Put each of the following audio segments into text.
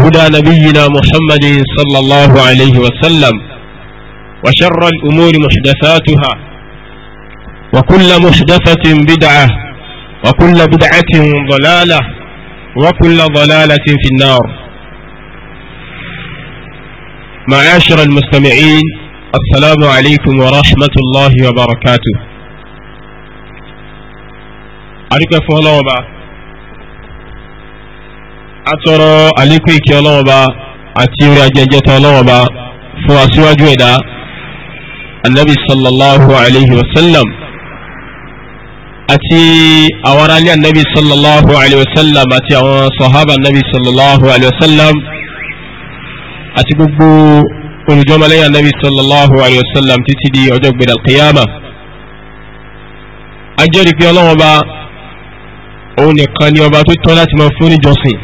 هدى نبينا محمد صلى الله عليه وسلم وشر الأمور محدثاتها وكل محدثة بدعة وكل بدعة ضلالة وكل ضلالة في النار معاشر المستمعين السلام عليكم ورحمة الله وبركاته أريكم فهلا وبركاته atọrọ àlékún ìkẹ́ ọlọ́wọ́ba àti orí ajẹjẹta ọlọ́wọ́ba fún aṣíwájú ẹ̀dá anabi sallallahu alayhi wa sallam àti àwọn aráàlú anabi sallallahu alayhi wa sallam àti àwọn sọ̀hábà anabi sallallahu alayhi wa sallam àti gbogbo olùjọ́mọlẹ́yìn anabi sallallahu alayhi wa sallam títí di ọjọ́ gbẹ̀dẹ̀ alqiyama ajẹ́rìí pé ọlọ́wọ́ba òun nìkan ni ọba tó tọ́ láti máa fún níjọsìn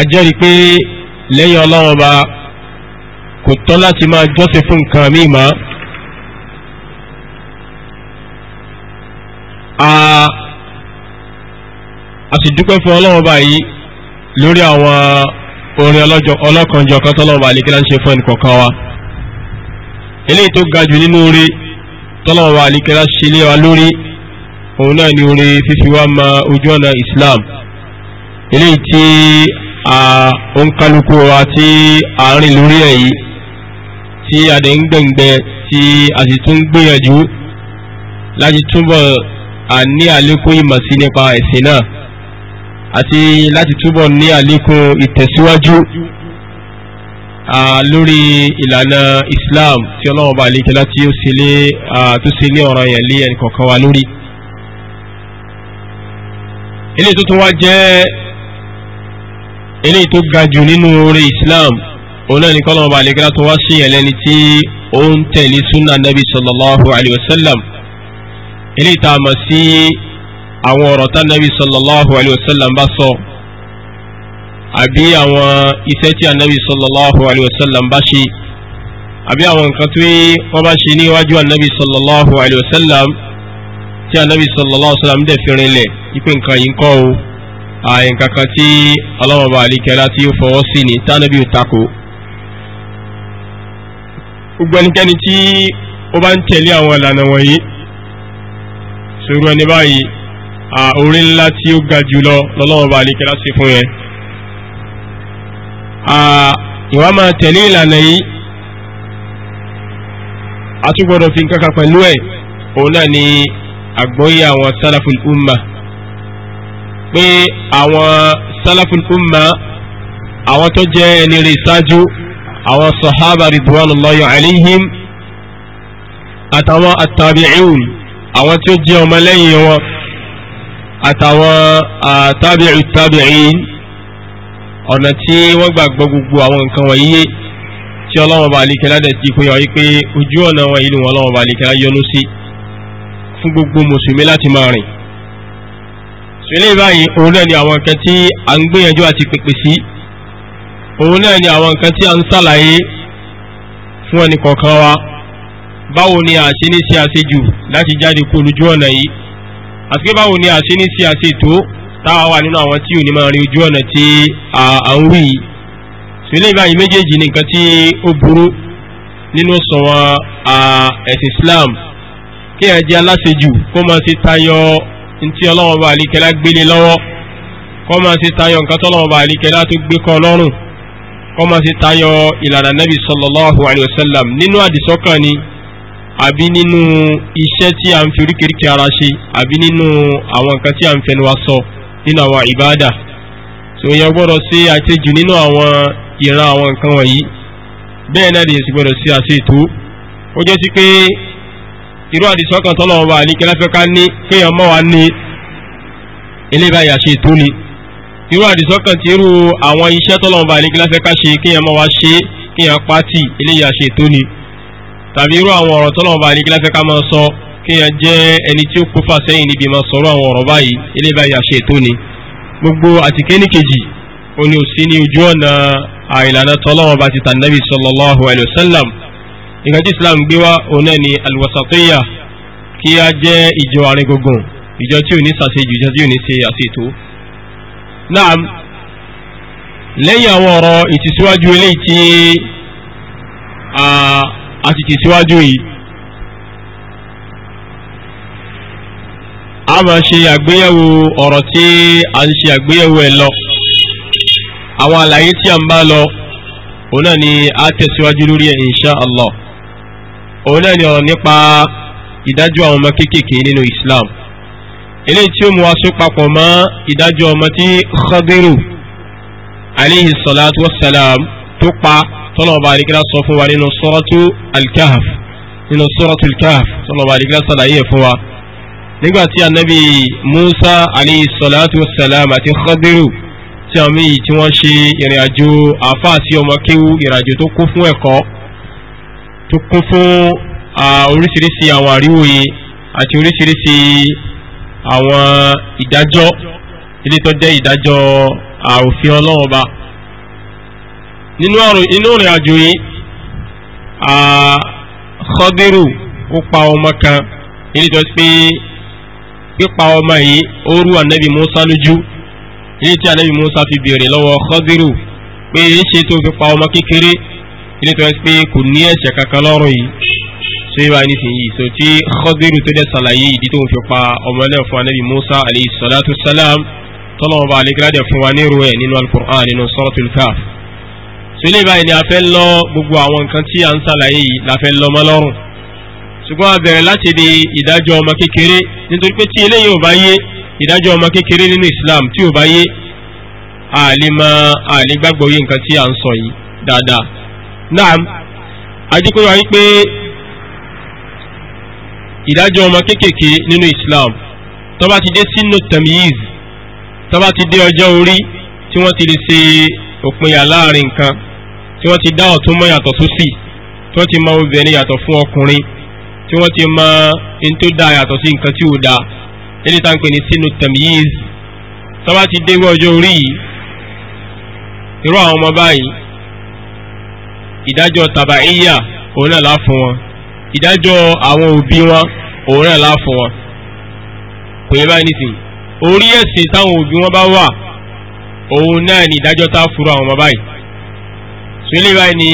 ajẹ́rìí pé lẹ́yìn ọlọ́run ọba kò tọ́ láti máa jọ́sìn fún nǹkan míì mọ́. a sì dúpẹ́ fún ọlọ́run ọba yìí lórí àwọn orin ọlọ́kanjọ kan tọ́lọ́run ọba àlékílá ń ṣe fún ẹnìkọ̀ọ̀kan wa eléyìí tó ga jù nínú oore tọ́lọ́run ọba àlékílá ṣe lé wa lórí òun náà ni oore fífi wá ma ojú ọ̀nà Islam eléyìí tí òǹkálukú wa tí a rìn lórí ẹ̀ e yìí tí a dẹ̀ ń gbẹ̀ngbẹ̀ tí a sì tún gbìyànjú láti túbọ̀ ní àlékún ìmọ̀ sí nípa ẹ̀sìn náà àti láti túbọ̀ ní àlékún ìtẹ̀síwájú lórí ìlànà Islam tí ọlọ́run bá lékè láti ó sì lé àtúnṣe ní ọ̀rọ̀ yẹn lé ẹnì wa lórí. ilé tuntun wa jẹ́ eléyìí tó ga jù nínú oore islam òun náà ní kọ́lọ́mù bá àlekèrè tó wá sí yẹn lẹ́ni tí ó ń tẹ̀lé sunna nabi sallallahu alayhi wa sallam eléyìí tá a mọ̀ sí àwọn ọ̀rọ̀ tá nabi sallallahu alayhi wa sallam bá sọ àbí àwọn iṣẹ́ tí anabi sallallahu alayhi wa sallam bá ṣe àbí àwọn nǹkan tí wọ́n bá ṣe níwájú anabi sallallahu alayhi tí anabi sallallahu alayhi dẹ̀ fi rinlẹ̀ ipe yìí ń kọ́ o. a tí ọlọ́mọba àlíkẹ́lá tí ó fọwọ́ sí ni tánàbí ò takò gbogbo ẹnikẹ́ni tí ó bá ń tẹ̀lé àwọn ìlànà wọ̀nyí sọ̀rọ̀ ẹni báyìí à orí ńlá tí ó ga lọ́lọ́mọba sí fún yẹn ìwà máa tẹ̀lé a tún gbọ́dọ̀ fi nǹkan kan pẹ̀lú ẹ̀ òun náà ni àgbọ́yé àwọn sálàfù pé àwọn salaful umma àwọn tó jẹ́ ẹni rè ṣáájú àwọn sahaba ridwanullahi alaihim àtàwọn attabi'un àwọn tí ó jẹ́ ọmọlẹ́yìn wọn àtàwọn àtàbí'u tabi'in ọ̀nà tí wọ́n gbàgbọ́ gbogbo àwọn nǹkan wọ̀nyí tí ọlọ́wọ́n bá alikẹ́ ládẹ̀ ti pé wáyé pé ojú ọ̀nà wọn ìlú wọn ọlọ́wọ́n bá alikẹ́ yọnu sí fún gbogbo mùsùlùmí láti máa rìn ṣẹlẹ̀ báyìí òun náà ni àwọn nǹkan tí a ń gbìyànjú àti pèpè sí òun náà ni àwọn nǹkan tí a ń ṣàlàyé fún ẹnì kọ̀ọ̀kan wa báwo ni àṣẹ ní sí àṣejù láti jáde kó olójú ọ̀nà yìí àti pé báwo ni àṣẹ ní sí àṣetò táwa wà nínú àwọn tí ò máa rí ojú ọ̀nà tí à ń wí yìí ṣẹlẹ̀ báyìí méjèèjì ni nǹkan tí ó burú nínú sọ̀wọ́n ẹ̀sìn Islam kí ẹ jẹ́ aláṣejù kó máa ṣe tayọ ntí ọlọ́wọ́n bá àlíkẹ́lá gbélé lọ́wọ́ kọ́ máa ṣe tayọ nǹkan tọ́lọ́wọ́n bá àlíkẹ́lá tó gbé kọ́ lọ́rùn kọ́ tayọ ìlànà nabi sallallahu alayhi sallam nínú àdìsọ́kàn ni àbí nínú iṣẹ́ tí a ń fi oríkèéríkèé ara ṣe àbí nínú àwọn nǹkan tí a ń fẹnu wa sọ nínú àwọn ìbáàdà so yẹn gbọ́dọ̀ ṣe àṣejù nínú àwọn ìran àwọn nǹkan wọ̀nyí bẹ́ẹ̀ náà lè sì gbọ́dọ̀ irú àdìsọ́kàn tọ́lọ́wọ́ bá àlíkẹ́ láfẹ́ ká ní kéèyàn mọ́ wa ní ilé báyìí àṣẹ ètò ni irú àdìsọ́kàn tí irú àwọn iṣẹ́ tọ́lọ́wọ́ bá àlíkẹ́ láfẹ́ ká ṣe kéèyàn mọ́ wa ṣe kéèyàn pátì ilé yìí àṣẹ ètò ni tàbí irú àwọn ọ̀rọ̀ tọ́lọ́wọ́ bá àlíkẹ́ láfẹ́ ká máa sọ kéèyàn jẹ́ ẹni tí ó kó fà sẹ́yìn níbi máa sọ̀rọ̀ àwọn ọ̀rọ̀ báyìí ilé báyìí àṣẹ ètò ni gbogbo àtìkéníkejì òní òsì ní ojú ọ̀nà àìlànà tọ́lọ́wọ́ bá ti tàn Nabi sallallahu alayhi sallam ìkan tí islam gbé wá òun náà ni alwasatiyya kí a jẹ́ ìjọ aringogun ìjọ tí ò ní ṣàṣejù ìjọ tí ò ní ṣe àṣetò náà lẹ́yìn àwọn ọ̀rọ̀ ìtìsíwájú eléyìí tí a ti tìsíwájú yìí a máa ṣe àgbéyẹ̀wò ọ̀rọ̀ tí a ń ṣe àgbéyẹ̀wò ẹ̀ lọ àwọn àlàyé tí a ń bá lọ òun náà ni a tẹ̀síwájú lórí ẹ̀ insha Allah òun náà ni ọ̀rọ̀ nípa ìdájọ́ àwọn ọmọ kéékèèké nínú Islam eléyìí tí ó mú wa sún papọ̀ mọ́ ìdájọ́ ọmọ tí Khadiru alayhi salatu wassalam tó pa tọ́lọ̀ọ̀bà àríkírá sọ fún wa nínú suratu al-Kahf nínú suratu al-Kahf tọ́lọ̀ọ̀bà àríkírá sàlàyé fún wa nígbà tí anabi Musa alayhi salatu wassalam àti Khadiru tí àwọn méjì tí wọ́n ṣe ìrìnàjò àfáà sí ọmọ kéwú ìrìnàjò tó kún fún ẹ̀kọ́ tó kún fún oríṣiríṣi àwọn àríwòye àti oríṣiríṣi àwọn ìdájọ́ ilé tó jẹ́ ìdájọ́ òfin Ọlọ́run Ọba nínú ìrìn àjò yìí Khadiru ó pa ọmọ kan ilé tó pé pípa ọmọ yìí ó rú ànábì Musa lójú ilé tí ànábì Musa fi béèrè lọ́wọ́ Khadiru pé èyí ṣe tó fi pa ọmọ kékeré ilé tó ń pè kò ní ẹ̀ṣẹ̀ kankan lọ́rùn yìí so yìí wà nísìnyí so tí Khadiru tó dẹ̀ ṣàlàyé ìdí tó ń fi pa ọmọ náà fún anabi Musa alayhi salatu salam tọ́lọ́mọba alekirade fún wa nírú ẹ̀ nínú al-Qur'an nínú Suratul Kahf so ilé báyìí ni a fẹ́ lọ gbogbo àwọn nǹkan tí à ń ṣàlàyé yìí la fẹ́ lọ mọ́ lọ́rùn ṣùgbọ́n a bẹ̀rẹ̀ láti di ìdájọ́ ọmọ kékeré nítorí pé tí eléyìí ò bá yé ìdájọ́ ọmọ kékeré nínú Islam tí ò bá yé a lè máa a gbàgbọ́ yé nǹkan tí à ń sọ yìí dáadáa naam ajíkóyọ̀ wáyé pé ìdájọ́ ọmọ kéékèèké nínú Islam tó bá ti dé sínú tamiyiz tó bá ti dé ọjọ́ orí tí wọ́n ti lè ṣe òpinya láàrin nǹkan tí wọ́n ti dá ọ̀tún mọ́ yàtọ̀ sósì tí wọ́n ti mọ obìnrin yàtọ̀ fún ọkùnrin tí wọ́n ti mọ in tó dáa yàtọ̀ sí nǹkan tí ò dáa eléyìí tá à ń pè ní sínú tamiyiz tó bá ti dé ọjọ́ orí yìí irú àwọn ọmọ báyìí ìdájọ́ tàbáíyà òun náà láà fún wọn ìdájọ́ àwọn òbí wọn òun náà láà fún wọn kò yẹ báyìí nìsín orí ẹ̀sìn táwọn òbí wọn bá wà òun náà ni ìdájọ́ tá a furu àwọn ọmọ báyìí sílẹ̀ báyìí ni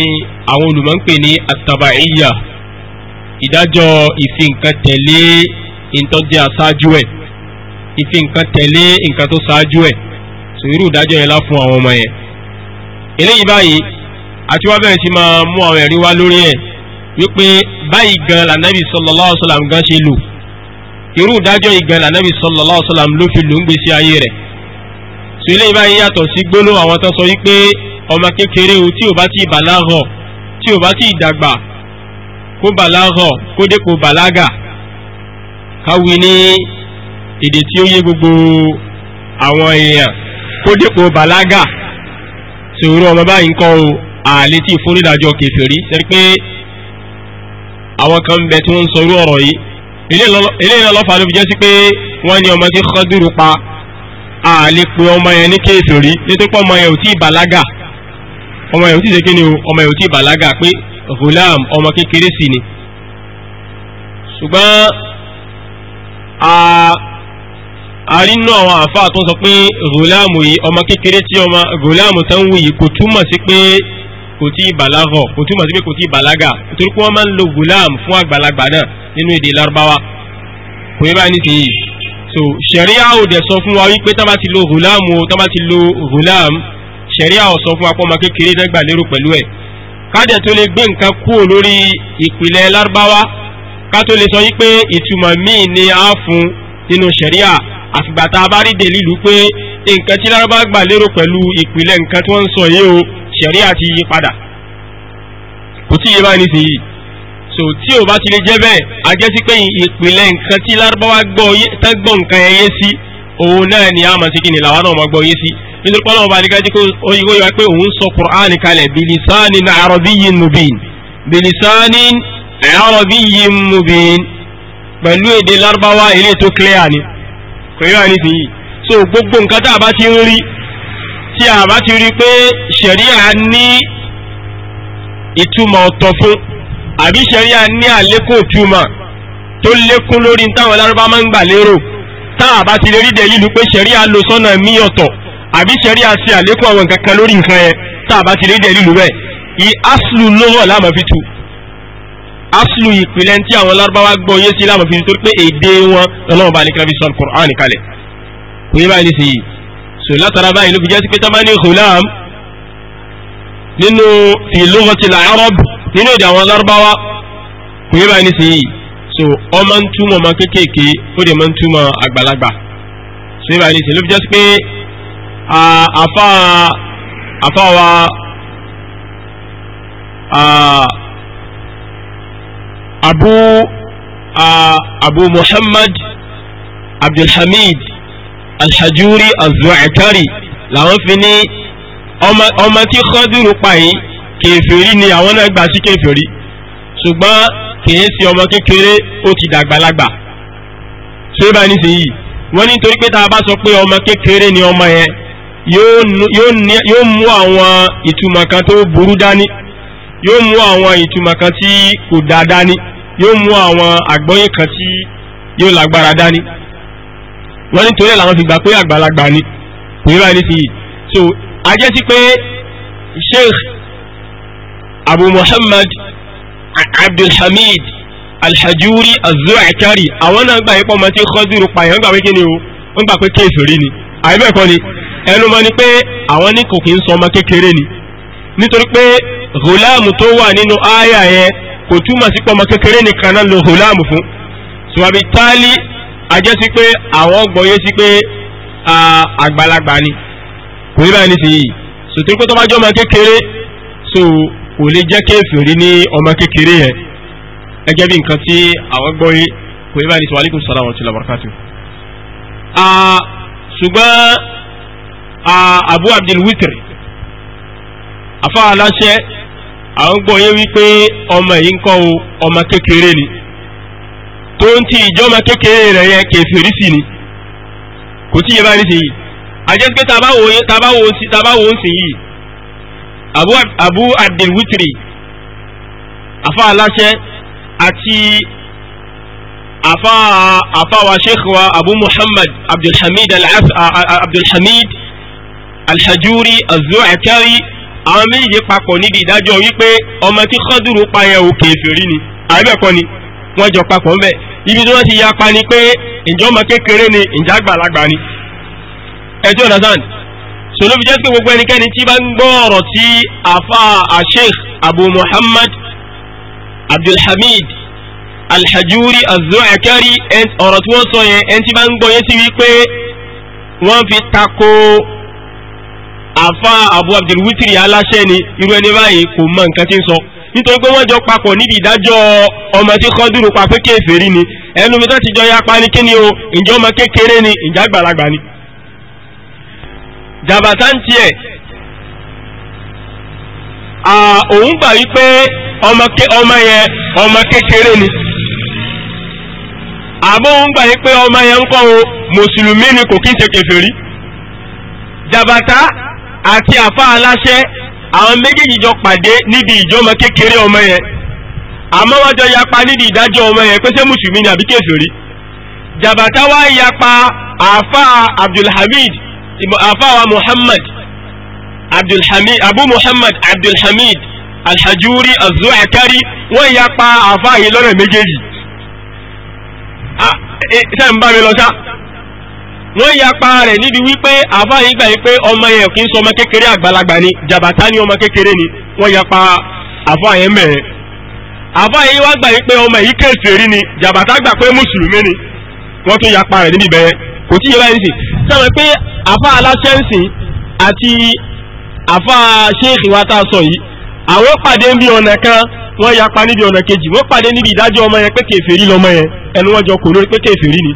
àwọn olùmọ̀ ń pè ní àtàbáíyà ìdájọ́ ìfi nǹkan tẹ̀lé ìtọ́jú àṣáájú ẹ̀ ìfi tẹ̀lé nǹkan tó ṣáájú ẹ̀ sòwúrú ìdájọ́ yẹn lá àwọn ọmọ yẹn eléyìí báyìí àti wá bẹ̀rẹ̀ sí máa mú àwọn ẹ̀rí wá lórí ẹ̀ wípé báyìí gan lànàbì sallallahu alaihi wasallam gan ṣe lò irú ìdájọ́ ìgan lànàbì sallallahu alaihi wasallam ló fi lò ń gbèsè ayé rẹ̀ sọ eléyìí báyìí yàtọ̀ sí gbólóhùn àwọn tó sọ wípé ọmọ kékeré o tí ò bá ti bàlágà tí ò bá ti dàgbà kó bàlágà kó dé kó bàlágà káwí ní èdè tí ó yé gbogbo àwọn èèyàn kó dé kó bàlágà sòwúrò ọmọ báyìí ń kọ́ o àlè tí ìforídàjọ́ kèfèrí sẹ́ni pé àwọn kan ń bẹ tí wọ́n ń sọ irú ọ̀rọ̀ yìí eléyìí lọ́fà ló fi jẹ́ sí pé wọ́n ní ọmọ tí Khadiru pa àlè pé ọmọ yẹn ní kèfèrí nítorí pé ọmọ yẹn ò tí ì bàlágà ọmọ yẹn ò tí ì ṣe ni o ọmọ yẹn ò tí ì bàlágà pé ghulam ọmọ kékeré sì ni ṣùgbọ́n àrínú àwọn àfáà tó sọ pé ghulam yìí ọmọ kékeré tí ọmọ ghulam tó ń wù yìí kò túmọ̀ sí pé kò tí ì bàlágọ̀ kò túmọ̀ sí pé kò tí ì bàlágà nítorí pé wọ́n máa ń lo gulam fún àgbàlagbà náà nínú èdè Lárúbáwá kò yẹ báyìí nísìnyí so ṣẹ̀ríà ò dẹ̀ sọ fún wa wípé tá ti lo gulam o tá ti lo gulam ṣẹ̀ríà ò sọ fún wa pé ọmọ kékeré náà gbà lérò pẹ̀lú ẹ̀ kájẹ̀ tó lè gbé nǹkan kúrò lórí ìpìlẹ̀ Lárúbáwá ká lè sọ wípé ìtumọ̀ míì ni a fún nínú ṣẹ̀ríà àfìgbà tá a bá rí dèlílù pé nǹkan tí Lárúbáwá gbà lérò pẹ̀lú ìpìlẹ̀ ṣẹ̀ríà ti yí padà kò tí yé bá ní so tí o bá ti lè jẹ́ bẹ́ẹ̀ a jẹ́ sí pé ìpìlẹ̀ nǹkan tí lárúbáwá gbọ́ tán gbọ́ nǹkan ẹ̀ yé sí òun náà ni a mọ̀ sí kìnìún làwọn náà mọ̀ gbọ́ yé sí nítorí pọ́nlọ́wọ́ bá nígbà tí ó yí wá pé òun sọ Qur'an kalẹ̀ bilisanin arabiyyin mubin bilisanin arabiyyin mubin pẹ̀lú èdè lárúbáwá ilé tó clear ni kò yí wá ní yìí so gbogbo nǹkan tá a bá ti ń rí tí a bá ti rí pé ṣẹ̀ríà ní ìtumọ̀ ọ̀tọ̀ fún àbí ṣẹ̀ríà ní àlékún ìtumọ̀ tó lékún lórí táwọn lárúbá máa ń gbà lérò tá a bá ti lè rí dẹ̀lílù pé ṣẹ̀ríà lo sọ́nà mí ọ̀tọ̀ àbí ṣẹ̀ríà ṣe àlékún àwọn nǹkan kan lórí nǹkan yẹn tá a bá ti lè rí dẹ̀lílù bẹ́ẹ̀ i aslu ló hàn láàmú fi tu aslu ìpìlẹ̀ tí àwọn lárúbáwá gbọ́ yé sí láàmú fi tu torí pé èdè wọn lọ́nà ọba àlekèrè fi sọ so látara báyìí ló fi jẹ́ sí pé tá bá ní ghulam nínú fi lughatil arab nínú èdè àwọn lárúbáwá kò yé báyìí nísìnyí so ọmọ ń túmọ̀ ọmọ kéékèèké ó dẹ̀ máa ń túmọ̀ àgbàlagbà so yé báyìí nísìnyí ló fi jẹ́ sí pé àfa wa abu abu muhammad abdulhamid alhajuri azuakari làwọn fi ní ọmọ tí kọ́dúrú pa yìí kèfèrí ni àwọn náà gbà sí kèfèrí ṣùgbọ́n kìí ṣe ọmọ kékeré ó ti dàgbàlagbà ṣé bá ní sèyí wọ́n ní torí pé tá a bá sọ pé ọmọ kékeré ni ọmọ yẹn yóò mú àwọn ìtumọ̀ kan tó burú dání yóò mú àwọn ìtumọ̀ kan tí kò dáa dání yóò mú àwọn àgbọ́yé kan tí yóò lágbára dání wọ́n ní torí làwọn fi gbà pé àgbàlagbà ni kò ní báyìí nísìnyí so ajẹ́ sí pé sheikh abu muhammad abdulhamid alhajuri azuakari àwọn náà gbà yín pọ́ ọmọ tí kọ́dúrú pààyàn gbà pé kí ni o wọ́n gbà pé kéèsì ni àìbẹ́ẹ̀kọ́ ni ẹnu mọ́ ni pé àwọn ní kò kí ń sọ ọmọ kékeré ni nítorí pé hùláàmù tó wà nínú ááyà yẹn kò túmọ̀ sí pọ́ ọmọ kékeré nìkan náà lo hùláàmù fún sùwàbí táálí ajẹ́ sí pé àwọn gbọ́yé sí pé àgbàlagbà ni kò rí báyìí nísìnyí sòtún pé tó bá jẹ́ ọmọ kékeré so kò lè jẹ́ kéfìrí ní ọmọ kékeré yẹn gẹ́gẹ́ bí nǹkan tí àwọn gbọ́yé kò rí báyìí nísìnyí wa alaikum salaam wa rahmatullahi wa ṣùgbọ́n Abu Abdul Witr afáàláṣẹ àwọn gbọ́yé wípé ọmọ yìí ń kọ́ ọmọ kékeré ni tó ń ti ìjọ́mọ kékeré rẹ̀ yẹn kèfèrí sí ni kò tí yẹ bá ní sèyí àjẹsí pé tabawo tabawo tabawo ń sìn yìí abu abu adilwitiri afa aláṣẹ àti afa wa sheikh wa abu muhammad abdulhamid abdulhamid alhajuri azuakari àwọn méjèèjì papọ̀ níbi ìdájọ́ wípé ọmọ tí kọ́dùrú pa yẹn ò kèfèrí ni àbẹ̀kọ́ ni wọ́n jọ papọ̀ ń bẹ̀ ibi tí wọ́n ti yapa ni pé ǹjọ́ ọmọ kékeré ni ǹjẹ́ àgbàlagbà ni ẹjọ́ ọ̀dàsán sọlọ́ fi jẹ́ pé gbogbo ẹnikẹ́ni tí bá ń gbọ́ ọ̀rọ̀ tí afa asheikh abu muhammad abdulhamid alhajuri azuakari ọ̀rọ̀ tí wọ́n sọ yẹn ẹni tí bá ń gbọ́ yẹn sí wípé wọ́n fi tako afa abu abdulwitiri aláṣẹ ni irú ẹni báyìí kò mọ nǹkan tí ń sọ. So nítorí pé wọ́n jọ papọ̀ níbi ìdájọ́ ọmọ tí kọ́dúrú pa pé kéèfèrí ni ẹnu mi tó ti jọ yapa ni kíni o ǹjẹ́ ọmọ kékeré ni ǹjẹ́ àgbàlagbà ni. jàbàtà ń tiẹ̀ òun gbà wípé ọmọ yẹn ọmọ kékeré ni gbà ọmọ yẹn ń kọ́ o mùsùlùmí ni kò kí ń ṣe jàbàtà àwọn méjèèjì jọ pàdé níbi ìjọmọ kékeré ọmọ yẹn àmọ́ wọ́n jọ yapa níbi ìdájọ́ ọmọ yẹn pé ṣé mùsùlùmí ni àbí kèfèrí jàbàtà wá yapa àfa abdulhamid àfa wa muhammad abdulhamid abu muhammad abdulhamid alhajuri azuakari wọ́n yapa àfa yìí lọ́nà méjèèjì sẹ́yìn bá mi lọ sá wọ́n yapa rẹ̀ níbi wípé àfáàyín gbà yí pé ọmọ yẹn kì í sọ ọmọ kékeré àgbàlagbà ni jàbàtà ni ọmọ kékeré ni wọ́n yapa àfáàyín mẹ́rin àfáàyín wá gbà yí pé ọmọ yìí kèfèrí ni jàbàtà gbà pé mùsùlùmí ni wọ́n tún yapa rẹ̀ níbi bẹ́ẹ̀ kò tí ì yẹ báyìí sí sáwọn pé àfá aláṣẹ́ǹsì àti àfá ṣéèkì wa tá a sọ yìí àwọn pàdé níbi ọ̀nà kan wọ́n yapa níbi ọ̀nà kejì wọ́n pàdé níbi ìdájọ́ ọmọ yẹn pé kèfèrí lọmọ yẹn ẹnu wọn jọ kò lórí pé kèfèrí ni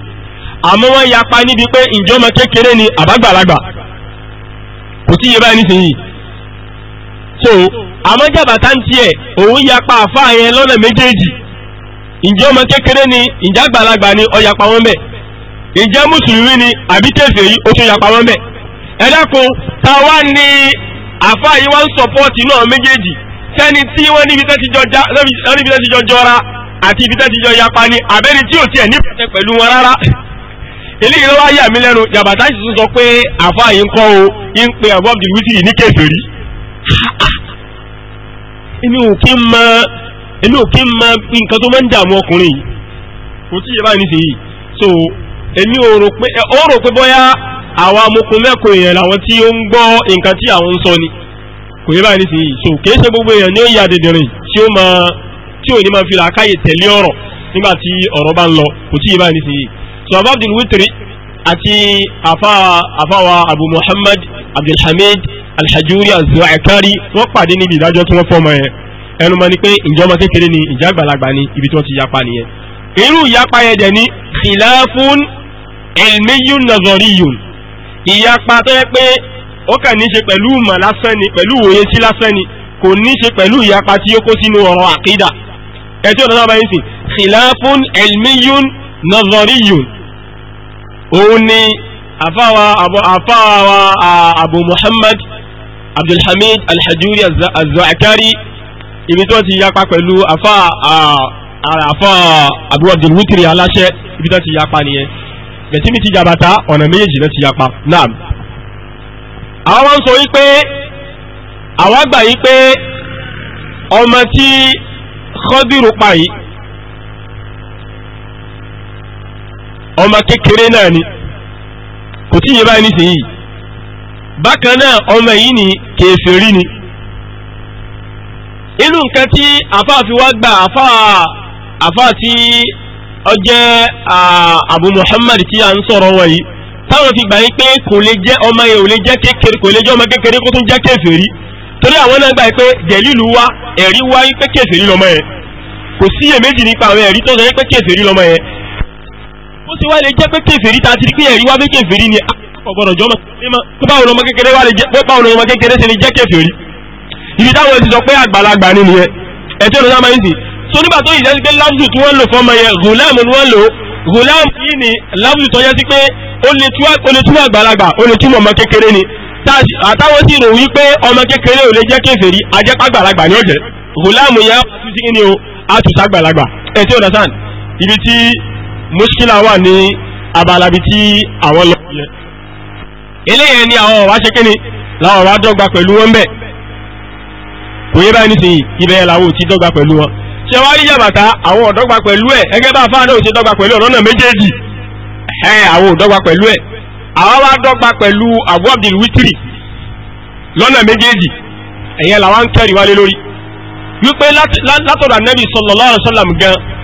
àmọ́ wọ́n yapa níbi pé ìjọmọ kékeré ni àbágbàlagbà kò tí yé báyìí nísìnyí so àmọ́ jàbàtà ń tiẹ̀ òun yapa àfáà yẹn lọ́nà méjèèjì ǹjẹ́ ọmọ kékeré ni ǹjẹ́ àgbàlagbà ni ó yapa wọn bẹ̀ ǹjẹ́ mùsùlùmí ni àbí kèfèrí ó tún yapa wọn bẹ̀ ẹ dákun ta wá ní àfáà yìí wá ń sọpọ́ọ̀tì náà méjèèjì sẹ́ni tí wọ́n níbi tẹ́ jọra àti ibi tẹ́ ti jọ ni àbẹ́ni tí ò tiẹ̀ ní pẹ̀lú wọn rárá eléyìí ló wá yà mí lẹ́nu jàbàtà sì tún sọ pé àfáà yìí ń kọ́ o yìí ń pe abob di wítìrì ní kèfèrí èmi ò kí ń mọ èmi ò kí ń mọ nǹkan tó máa ń dààmú ọkùnrin yìí kò tí ì bá nísìnyí so èmi ò rò pé ó rò pé bóyá àwọn amokun mẹ́kọ̀ọ́ èèyàn làwọn tí ó ń gbọ́ nǹkan tí àwọn ń sọ ni kò yẹ báyìí nísìnyí so kìí ṣe gbogbo èèyàn ní ó yà dìndìnrìn tí ó máa tí ò ní máa fi làákàyè tẹ̀lé ọ̀rọ̀ nígbà tí ọ̀rọ̀ bá ń lọ kò tí ì báyìí nísìnyí sọ̀rọ̀ abdul witri àti àfáwa abu muhammad abdulhamid alhajuri azuakari wọ́n pàdé níbi ìdájọ́ tí wọ́n fọ́mọ yẹn ẹnu mọ́ ni pé ìjọba kékeré ni ìjà àgbàlagbà ni ibi tí wọ́n ti yapa nìyẹn irú ìyapa yẹn dẹ̀ ni khilafun ilmiyun nazariyun ìyapa tó yẹ pé ó kàn ní ṣe pẹ̀lú ìmọ̀ lásán ni pẹ̀lú òye sí lásán ni kò ní ṣe pẹ̀lú ìyapa tí ó kó sínú ọ̀rọ̀ àkídà ẹ̀tí ọ̀nà náà báyìí sìn khilafun ilmiyun nazariyun òun ni àfáwa àfáwa abu muhammad abdulhamid alhajuri azakari ibi tó ti yapa pẹ̀lú àfá àfá abu abdulwitiri aláṣẹ ibi tó ti yapa nìyẹn gẹ̀tìmí ti jàbàtà ọ̀nà méjèèjì náà ti yapa náà àwọn wọn sọ wípé àwọn àgbà yìí pé ọmọ tí khadiru pa yìí ọmọ kékeré náà ni kò tí ì yé báyìí nísìnyí bákan náà ọmọ yìí ni kèfèrí ni inú nǹkan tí àfáà wá gba àfáà àfáà tí ó Abu Muhammad tí a ń sọ̀rọ̀ wọ̀ yìí táwọn fi gbà yín pé kò lè jẹ́ ọmọ yẹn ò lè jẹ́ kékeré kò lè jẹ́ ọmọ kékeré kó tún jẹ́ kèfèrí torí àwọn náà gbà yín pé dẹ̀lílù wá ẹ̀rí wá yín pé kèfèrí lọ́mọ yẹn kò síyèméjì nípa àwọn ẹ̀rí tó sọ yín pé kèfèrí lọ́mọ yẹn ó sì wá lè jẹ́ pé kèfèrí ta ti rí pé ẹ̀rí wá pé kèfèrí ni ọ̀gbọ̀dọ̀ jọ́mọ̀ pé báwo lọmọ kékeré wá lè jẹ́ pé báwo lọmọ kékeré ṣe lè jẹ́ kèfèrí ibi táwọn ti sọ pé àgbàlagbà ni nìyẹn ẹ̀tọ́ ló sábà ń sìn so nígbà tó ìjẹ́ sí pé lábùsù tí wọ́n lò fọ́mọ yẹn gùlẹ́mù ni wọ́n lò gùlẹ́mù yìí ni lábùsù tó yẹ sí pé ó lè túmọ̀ àgbàlagbà ó lè túmọ̀ ọmọ kékeré ni àtàwọn sì rò wípé ọmọ kékeré ò lè jẹ́ kèfèrí ajẹ́pàgbàlagbà ni ó jẹ́ gùlẹ́mù yẹn á tún sí kí ni o á tún sàgbàlagbà ẹ̀tọ́ ọ̀dà sàn ibi tí muskila wà ní abalabi tí àwọn lọ yẹ eléyẹn ni àwọn ọ̀wá ṣe kíni làwọn ọ̀wá dọ́gba pẹ̀lú wọn bẹ̀ kò yé báyìí nísìnyí ibẹ̀ yẹn làwọn ò ti dọ́gba pẹ̀lú wọn ṣé wàá rí yàbàtà àwọn ò dọ́gba pẹ̀lú ẹ̀ ẹgẹ́ bá fáwọn náà ò ṣe dọ́gba pẹ̀lú ọ̀nà méjèèjì ẹ̀ àwọn ò dọ́gba pẹ̀lú ẹ̀ àwọn wá dọ́gba pẹ̀lú Abu Abdul Witri lọ́nà méjèèjì ẹ̀yẹn làwọn ń kẹ́rì wálé lórí wípé látọ̀dọ̀ Ànábì sallallahu alaihi wasallam gan-an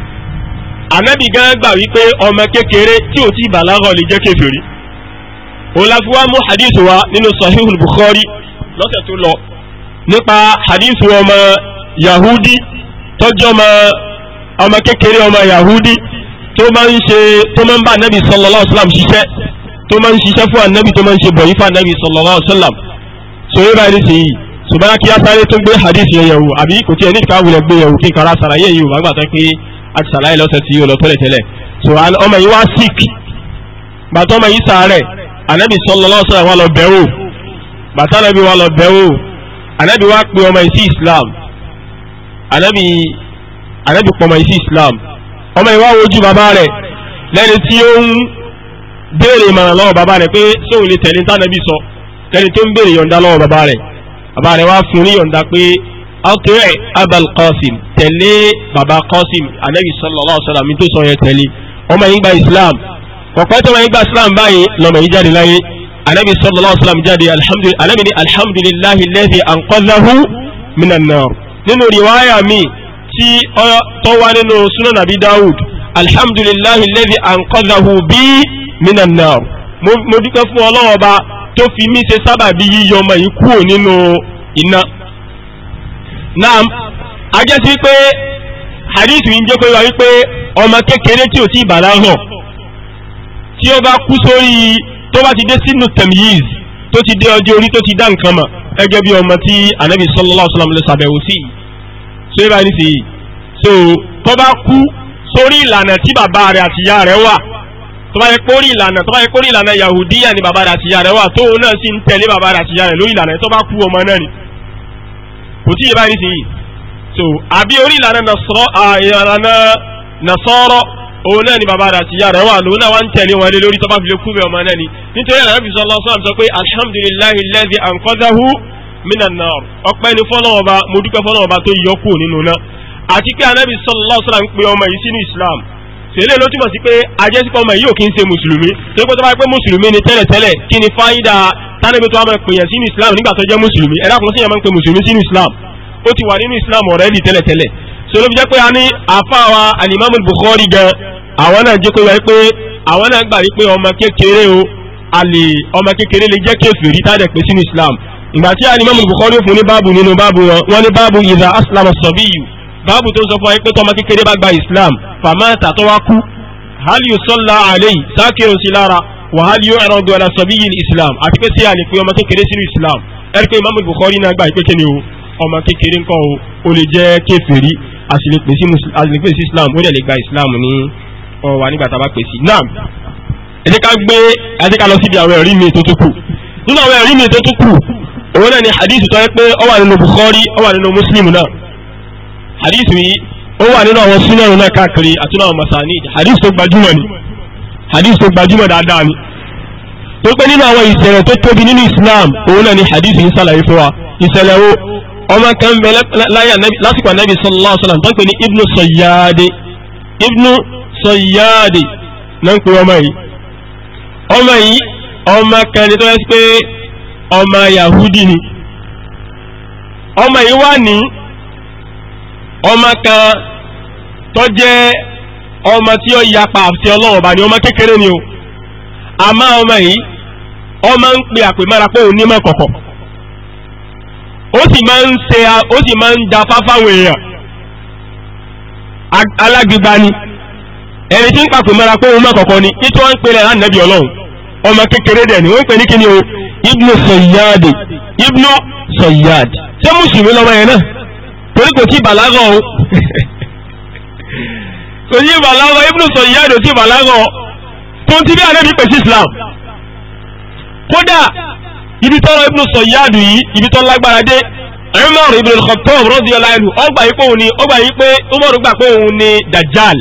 ànábì gan gbà wípé ọmọ kékeré tí ò tí bàlágà lè jẹ́ kèfèrí olafuwa mú hadith wa nínú sahihul bukhari lọ́sẹ̀ tó lọ nípa hadith ọmọ yahudi tọ́jú ọmọ ọmọ kékeré ọmọ yahudi tó máa ń ṣe tó máa ń bá ànábì sallallahu alaihi wasallam ṣiṣẹ́ tó máa ń ṣiṣẹ́ fún ànábì tó máa ń ṣe bọ̀yì fún ànábì sallallahu alaihi wasallam sòye báyìí nìsín yìí ṣùgbọ́n kí á sáré tó gbé hadith yẹn yẹ̀wò àbí kò tí ẹ̀ ní ìka wulẹ̀ gbé yẹ̀wò kí n kara sàrà yẹ̀ yìí ò bá gbà tán pé àti sàlàyé lọ́sẹ̀ tí yóò lọ tọ́lẹ̀ tẹ́lẹ̀ so ọmọ yìí wá sick bàtà ọmọ yìí sàárẹ̀ anabi sallallahu alaihi wasallam wà lọ bẹ̀wò bàtà anabi wà lọ bẹ̀wò anabi wá pe ọmọ yìí sí islam anabi anabi pọ̀ ọmọ yìí sí islam ọmọ yìí wá wojú bàbá rẹ̀ lẹ́ni tí ó ń béèrè ìmọ̀ràn lọ́wọ́ bàbá rẹ̀ pé sóun lè tẹ̀lé tánàbí sọ lẹ́ni tó ń béèrè yọ̀ǹda lọ́wọ́ bàbá rẹ̀ bàbá rẹ̀ wá fún ní yọ̀ǹda pé ati'i abal qasim tẹ̀lé baba qasim anabi sallallahu alaihi wa sallam tó sọ yẹn tẹ̀lé ọmọ yìí gba islam kọ̀kọ́ tó wọ́n yìí gba islam báyìí lọ́mọ yìí jáde láyé anabi sallallahu alaihi wa sallam jáde anabi ni alhamdulillahi alladhi anqadhahu minan nínú riwaya mi tí tó wá nínú sunan dawud alhamdulillahi alladhi anqadhahu bi minan mo dúpẹ́ fún ọlọ́wọ́ tó fi mí ṣe sábàbí yíyọ ọmọ yìí kúrò nínú iná naam ajẹ́ sí pé hadith yìí ń jẹ́ pé wà wípé ọmọ kékeré tí ò tí ìbàlá hàn tí ó bá kú sórí tó bá ti dé sínú tẹ̀míyìz tó ti dé ọjọ́ orí tó ti dá nǹkan mọ̀ gẹ́gẹ́ bí ọmọ tí anabi sallallahu alaihi wasallam lè ṣàbẹ̀wò sí so yìí báyìí nìsí so tó bá kú sórí ìlànà tí bàbá rẹ̀ àti ìyá rẹ̀ wà tó bá yẹ kórí ìlànà tó bá yẹ kórí ìlànà yahudiya ni bàbá rẹ̀ àti ìyá rẹ̀ wà tóun náà sì ń tẹ̀lé bàbá rẹ̀ àti ìyá rẹ̀ lórí ìlànà tó bá kú ọmọ náà ni kò tí yẹ báyìí nísìnyí so àbí orí ìlànà nasọ́rọ́ òun náà ni bàbá rẹ̀ àti ìyá rẹ̀ wà lóun náà wá ń tẹ̀lé wọn lé lórí tọ́ba fi lè kú bẹ́ẹ̀ ọmọ náà ni nítorí àná fi sọ́lọ́ sọ́ọ́ sọ pé alhamdulillahi alladhi anqadhahu minan nar ọpẹ́ ni fọ́lọ́wọ́ba mo dúpẹ́ fọ́lọ́wọ́ba tó yọ kúrò nínú àti pé anábì sọ́lọ́ sọ́lá ń pe ọmọ yìí sínú Islam sèlè ló túmọ̀ sí pé ajẹ́sípọ̀ ọmọ yìí ò kí ń ṣe mùsùlùmí tó kó tó bá pé mùsùlùmí ni tẹ́lẹ̀tẹ́lẹ̀ kí ni fáyídà tánàbí tó wà máa pèyàn sínú islam nígbà tó jẹ́ mùsùlùmí ẹ̀dá kan síyàn máa pè mùsùlùmí sínú islam ó ti wà nínú islam ọ̀rẹ́ ní tẹ́lẹ̀tẹ́lẹ̀ so ló fi jẹ́ pé a ní àfáwa alimami bukhari gan àwọn náà jẹ́ pé àwọn náà gbà wípé ọmọ kékeré o àlè islam ìgbà tí alimami bukhari fún ní báàbù nínú báàbù wọn ní báàbù báàbù tó sọ fún wa pé tọmọ kékeré bá gba islam fàmáàtà tó wá kú hali sọlá àlẹyìn sákìrún sí lára wà hali yóò ẹran yìí islam àti pé sí àlè pé ọmọ kékeré sínú islam ẹ̀rí pé imaamu bukhari náà gba ìpè kíni o ọmọ kékeré ńkọ́ o ó lè jẹ́ kéferì àsìlèpè sí islam ó dẹ̀ lè gba islam ní ọwà nígbà tá a bá pè sí. naam ẹ jẹ́ ká gbé ẹ jẹ́ ká lọ síbi àwọn ẹ̀rí mi tó tún kù ni hadith tó yẹ pé ó wà hadith yìí ó wà nínú àwọn súnmọ́rún náà káàkiri àti náà masani hadith tó gbajúmọ̀ ni hadith tó gbajúmọ̀ dáadáa ni tó pé nínú àwọn ìṣẹ̀lẹ̀ tó tóbi nínú Islam òun náà ni hadith yìí sàlàyé fún wa ìṣẹ̀lẹ̀ wo ọmọ kan bẹ lásìkò anabi sallallahu alaihi wasallam tó ń ní ibnu sọyáde ibnu sọyáde náà ń pè ọmọ yìí ọmọ yìí ọmọ kan ni tó yẹ pé ọmọ yahudi ni ọmọ yìí wà ní ọmọ kan tó jẹ́ ọmọ tí ó yapa àti ọba ni ọmọ kékeré ni o àmọ́ ọmọ yìí ọmọ ń pe àpèmára pé òun nímọ̀ kọ̀kọ̀ ó sì máa ń ṣe ó sì máa ń da fáfáwọn ni ẹni tí ń pàpèmára pé òun mọ̀ kọ̀kọ̀ ni kí tí wọ́n ń pe lẹ́yìn ànábì ọlọ́run ọmọ kékeré dẹ̀ ni wọ́n ń ní ibnu ibnu ṣé mùsùlùmí lọ́mọ yẹn torí kò tí bàlágọ̀ o kò tí bàlágọ̀ ibùdó sọ ìyá ìdò tí bàlágọ̀ tó ń ti bí àrẹ́bí pèsè Islam kódà ibi tọ́rọ ibùdó sọ ìyá ìdò yìí ibi tọ́ lágbára dé Umar ibn al-Khattab radiyallahu anhu ọgbà yìí pé òun ni ọgbà yìí pé Umar gbà pé òun ni Dajjal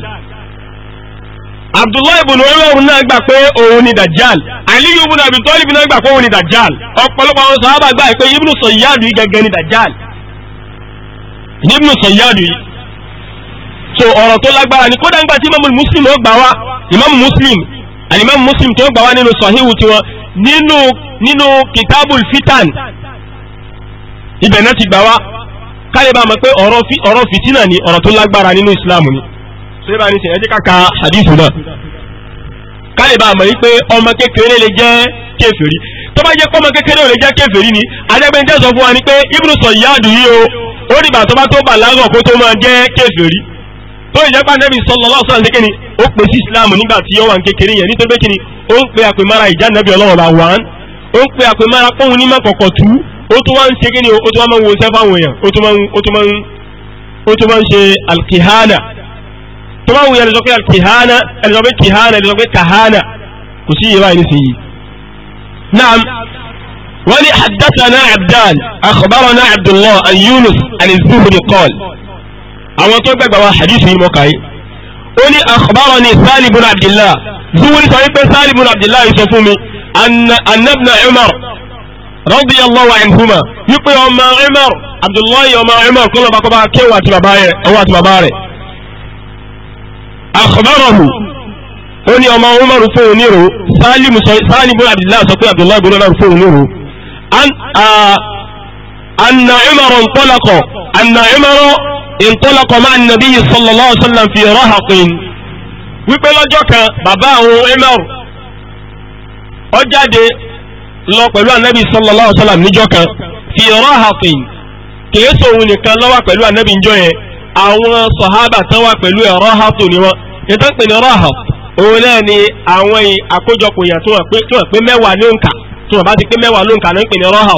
Abdullahi ibn Umar náà gbà pé òun ni Dajjal Aliyu ibn Abi Talib náà gbà pé òun ni Dajjal ọ̀pọ̀lọpọ̀ àwọn sàhábà gbà pé ibùdó sọ ìyá ìdò yìí gẹ́gẹ́ ni Dajjal níbùnú sọ̀yáàdù yìí so ọ̀rọ̀ tó lágbára ni kódà nígbà tí imam muslim ó gbà wá imam muslim alimam muslim tó gbà wá nínú sọ̀híwù tiwọn nínú nínú kitabul fitan ibẹ̀ náà ti gbà wá káyọ̀ bá mọ̀ pé ọ̀rọ̀ fìtínà ni ọ̀rọ̀ tó lágbára nínú islam ni so ibà ní sìn ẹ jẹ́ ká ka hadithu náà káyọ̀ bá mọ̀ wípé ọmọ kékeré lè jẹ́ kéferì tó bá jẹ́ kọ́mọ kékeré ò lè jẹ́ kéferì ni adẹ́gbẹ́ńtẹ́ sọ fún wa ni pé ibùdó sọ̀yáàdù yìí o ó ní bàtọ́ bá tó bà lágọ̀ kó tó máa jẹ́ kèfèrí tó ìjẹ́pá nẹ́bí sallallahu alaihi wasallam ní kíni ó pè sí islam nígbà tí ó wà ní kékeré yẹn nítorí pé kíni ó ń pe àpèmára ìjà nẹ́bí ọlọ́wọ́ bá wà án ó ń pe àpèmára pọ́hun ní mọ́kọ̀kọ̀ tú ó tó wá ń ṣe kíni ó tó wá máa ń wo iṣẹ́ fáwọn èèyàn ó tó máa ń ṣe alkihana tó máa ń wo ẹni sọ alkihana ẹni sọ kihana ẹni sọ kahana kò sí iye báyìí nísìnyí. naam ولي حدثنا عبدان أخبرنا عبد الله أن يونس عن الزهري قال أو طبق وحديث المقاي ولي أخبرني سالم بن عبد الله زهري صحيح سالم بن عبد الله يصفومي أن, أن ابن عمر رضي الله عنهما يقول يوم عمر عبد الله يوم عمر كل ما قبع كيوة مباري أوات مباري أخبره ولي يوم عمر فونيرو سالم سالم بن عبد الله صحيح عبد الله بن عمر فونيرو أن عمر انطلق أن عمر انطلق مع النبي صلى الله عليه وسلم في رهق wípé lọ́jọ́ kan bàbá àwọn Umar ó jáde lọ pẹ̀lú anabi sallallahu alaihi wasallam níjọ́ kan fi rahaqin kìí sòun nìkan ló wà pẹ̀lú anabi níjọ́ yẹn àwọn sọ̀hábà tán wà pẹ̀lú rahaqu ni wọn ìtàn pè ní rahaq òun náà ni àwọn àkójọpọ̀ èèyàn tó wà pé mẹ́wàá ní òǹkà tí wọ́n bá ti pé mẹ́wàá ló ń kàná ń pè ní rọ́hà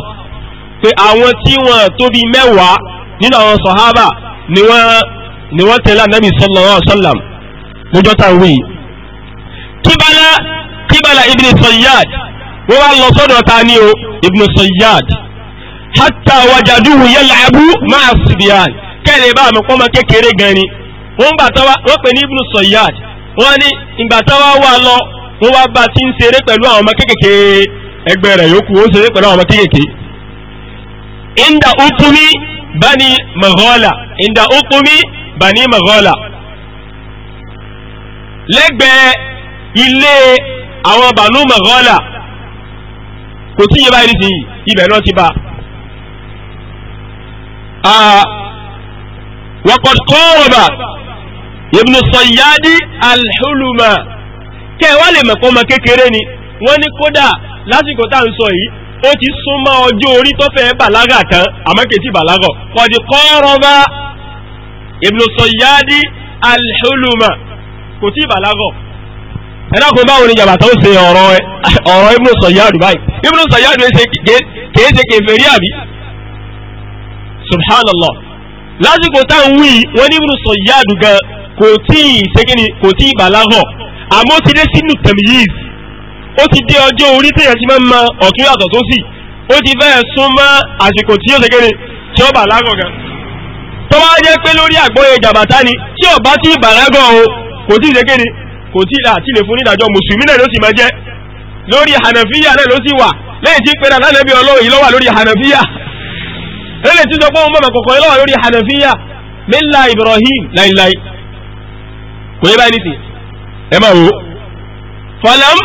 pé àwọn tí wọ́n tó bí mẹ́wàá nínú àwọn sọ̀hábà ni wọ́n ni wọ́n tẹ̀lé ànábì sallallahu alaihi wasallam lójọ́ tá a wí. kíbalá kíbalá ibn sayyad wọ́n wá lọ sọ́dọ̀ ta ni o ibn sayyad hatta wajaduhu yal'abu ma'a sibiyan kẹ́lẹ̀ bá àmì pọ́nmọ kékeré gan ni wọ́n gbà táwa wọ́n pè ní ibn sayyad wọ́n ní ìgbà táwa wà lọ wọ́n wá bá ti ń ṣeré pẹ̀lú àwọn ọmọ kékeré ẹgbẹ́ rẹ̀ yòókù ó ṣe é pẹ̀lú àwọn ọmọ kéékèèké. inda utumi bani maghola inda utumi bani maghola lẹ́gbẹ̀ẹ́ ilé àwọn banu maghola kò tíye báyìí nísìnyí ibẹ̀ náà ti bá a. وقد قارب ابن الصياد الحلم كي ولم كما كيكريني وني كودا lásìkò tá à ń sọ yìí ó ti súnmọ́ ọjọ́ orí tó fẹ́ bàlágà kan àmọ́ kìí ti bàlágà kọ̀dí kọ́rọ́bá Ibn Sayyadi al-Huluma kò tí bàlágà ẹ̀dàkùn báwo ni jàbàtà ó ṣe ọ̀rọ̀ Ibn Sayyadi báyìí Ibn kìí ṣe kèfèrí àbí subhanallah lásìkò tá à ń wí wọ́n ní Ibn Sayyadi gan kò tí ì ṣe kí ni kò tí ì bàlágà àmọ́ ti dé sínú tamyiz ó ti dé ọjọ́ orí tẹ̀yẹ̀ ti máa ń ma ọ̀tún yàtọ̀ tó sì ó ti fẹ́ẹ̀ sún mọ́ àsìkò tí yóò ṣe kéde tí ó bà lágọ̀ gan. tó wá jẹ́ pé lórí àgbọ̀yé jàbàtà ni tí ọba tí ì bà lágọ̀ o kò tí ì ṣe kéde kò tí ì là àti lè fún nídàjọ́ mùsùlùmí náà ló sì máa jẹ́ lórí hànàfíyà náà ló sì wà lẹ́yìn tí pé dàdá nàbí ọlọ́run Ibrahim láìláì kò yẹ báyìí nìsín ẹ máa wò ó. fọlám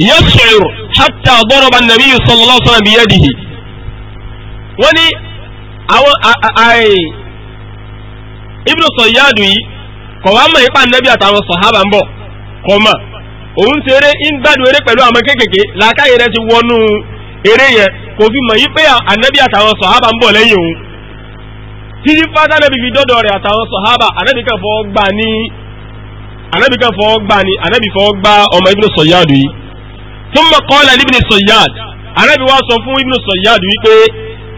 يشعر حتى ضرب النبي صلى الله عليه وسلم بيده وني أو أي ابن صياد kọ̀wámọ̀ ipa nẹ́bí àtàwọn kọwaa ń ma kọ̀mọ̀ òun ti eré ń gbádùn eré ere àwọn kéékèèké làákàyè rẹ ti wọnú eré yẹn kò fi mọ̀ yí pé ànẹ́bí àtàwọn sọ̀hábà ń bọ̀ lẹ́yìn òun titi fátá nẹ́bí fi kan kan thumma qala libni Sayyad arábì wa sọ fún ibn Sayyad wípé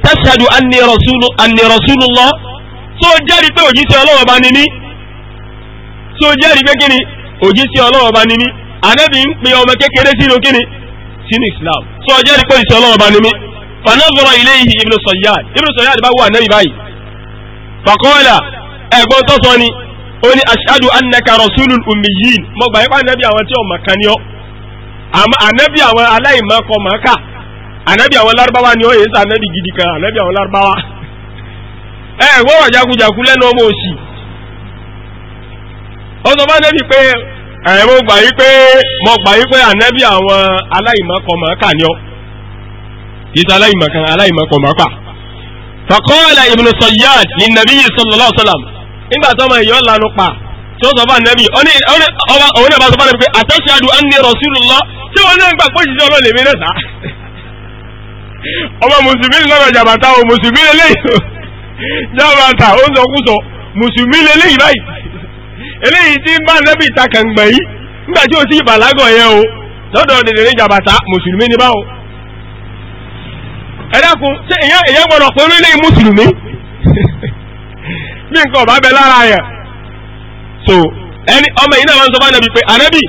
tashhadu anni rasulu anni rasulullah tó jẹ́rìí pé òjíṣẹ́ Ọlọ́hun bá ní mí tó jẹ́rìí pé kíni òjíṣẹ́ Ọlọ́hun bá ní mí anábì ń pe ọmọ kékeré sínú kíni sínú Islam tó jẹ́rìí pé òjíṣẹ́ Ọlọ́hun bá ní mí fanazara ilayhi ibn Sayyad ibn Sayyad bá wà anábì báyìí faqala ẹ̀gbọ́n tó sọ ni ó ní ashhadu annaka rasulul ummiyin mo gbà yípa anábì àwọn tí ànábì àwọn aláìmọ́kọ mọ́kà ànábì àwọn lárúbáwá ni o yẹ sá ànábì gidi kan ànábì àwọn lárúbáwá ẹ wọ́wọ́ jagunjagun lẹ́nu ọmọ òsì o sọ bá ànábì pé ẹ mo gbà yí pé mo gbà yí pé ànábì àwọn aláìmọ́kọ mọ́kà ni ọ kì í sá aláìmọ̀kan aláìmọ́kọ mọ́kà faqala Sayyad ní nàbíyí sallallahu alaihi wasallam nígbà tó ọmọ ìyọ́ lanu pa tí ó sọ fún ànábì òun náà bá sọ fún ànábì pé àtẹ́síadù á ní Rasulullah tí wọ́n náà gbà pé òṣìṣẹ́ ọlọ́run lèmi náà sá. ọmọ mùsùlùmí lọ́rọ̀ jàbàtà o mùsùlùmí lélẹ́yìí jàbàtà ó ń sọkúsọ mùsùlùmí lélẹ́yìí báyìí eléyìí tí ń bá ànábì takàngbẹ̀ yìí nígbà tí ó sì bàlágọ̀ yẹn o lọ́dọ̀ dèdè ní jàbàtà mùsùlùmí ni báwo. ẹ dákun ṣé èèyàn gbọ́dọ̀ pé orílẹ̀ mùsùlùmí bí nǹkan ọ̀bá bẹ lára yẹn so ẹni ọmọ yìí náà wọ́n sọ fún anabi pé anabi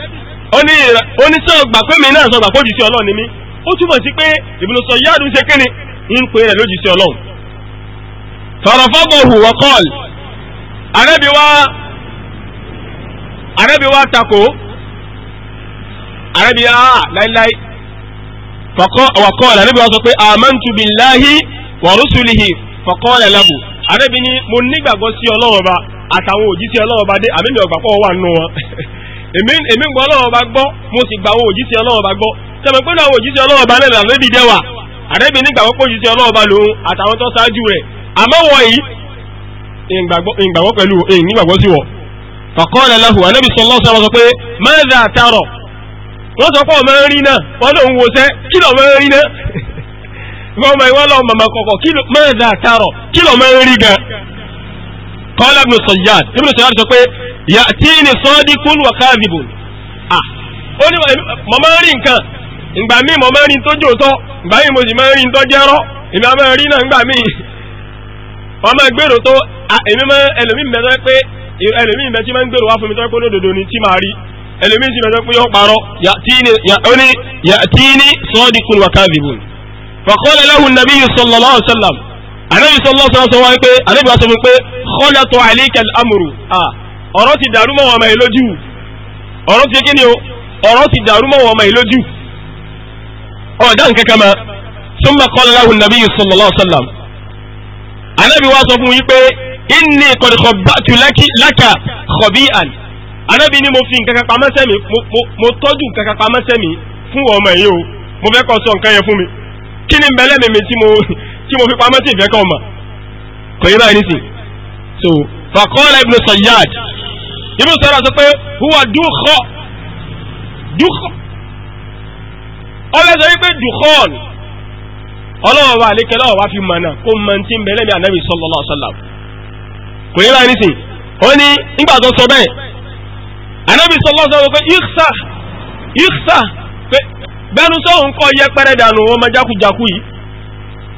ó ní sọ gbà pé mi náà sọ gbà pé òjìṣẹ́ ọlọ́run ni mí ó túmọ̀ sí pé yáàdù ṣe kíni ń pè rẹ̀ ọlọ́run. kọ́ọ̀l wa tako a ah, láíláí kọ́ọ̀l wa sọ pé àtàwọn òjíṣẹ́ ọlọ́wọ́ bá dé àmì mi ọ̀gbà pọ̀ wà nù wọn èmi ń gbọ́ ọlọ́wọ́ bá gbọ́ mo sì gbà àwọn òjíṣẹ́ ọlọ́wọ́ bá gbọ́ sọ̀rọ̀ pé àwọn òjíṣẹ́ ọlọ́wọ́ bá lẹ́nu àlẹ́bí jẹ́ wà àrẹ́bí nígbà wọ́pọ̀ òjíṣẹ́ ọlọ́wọ́ bá lòun àtàwọn tó ṣáájú rẹ̀ àmọ́ wọ̀ yìí ìgbàgbọ́ pẹ̀lú ìgbàgbọ́ sí wọ̀ faqala lahu àlẹ́bí sọ lọ́sọ̀ wọn sọ pé madha tara wọ́n sọ pé ọmọ ń rí náà wọ́n lòun wo sẹ́ kí lọ́mọ ń rí náà wọ́n mọ ìwọ́n lọ mọ̀mọ́ kọ́lá ibn Sayyad ibn Sayyad sọ pé ya'tini sadiqun wa kadhibun ó ní mo máa ń rí nǹkan ìgbà míì mo máa ń rí tó jòótọ́ ìgbà míì mo sì máa ń rí tó jẹ́rọ́ èmi a máa rí náà ìgbà míì wọ́n máa gbèrò tó èmi máa ẹlòmíì ń bẹ tó pé ẹlòmíì ń bẹ tí máa ń gbèrò wá fún mi tó pé olódodo ni tí máa rí ẹlòmíì sì máa pé yọ parọ́ ya'tini sadiqun wa kadhibun fa qala lahu an-nabiyyu sallallahu alaihi wasallam anabi sọlọ sọlọ sọ wọn pé anabi wa sọ fún pé kọlẹtọ àlíkẹ amúrù a ọ̀rọ̀ ti dàrú mọ́ wọn mọ ìlójú ọ̀rọ̀ ti kí ni o ọ̀rọ̀ ti dàrú mọ́ wọn mọ ìlójú ọjà nǹkan kan ma súnmọ́ kọlẹ láwùn nàbí sọlọ sọlọ anabi wa sọ fún yín pé inni qad khabatu laka khabi'an anabi ni mo fi tí mo fi pamọ́ sí ìfẹ́ kan mọ̀ kò yẹ báyìí nísìn so faqala ibn sayyad ibn sayyad sọ pé huwa dúkọ dúkọ ọlọ́sọ wípé dùkọ́ọ̀nù ọlọ́wọ́ wa àlékẹ́ lọ́wọ́ wa fi mọ̀nà kó mọ̀ tí ń bẹ̀rẹ̀ ní ànábì sallallahu alaihi wasallam kò yẹ báyìí nísìn ó ní nígbà tó sọ bẹ́ẹ̀ ànábì sallallahu alaihi pé ìksà ìksà pé gbẹnusọ́ òun kọ́ yẹpẹrẹ dànù ọmọ jákujàku yìí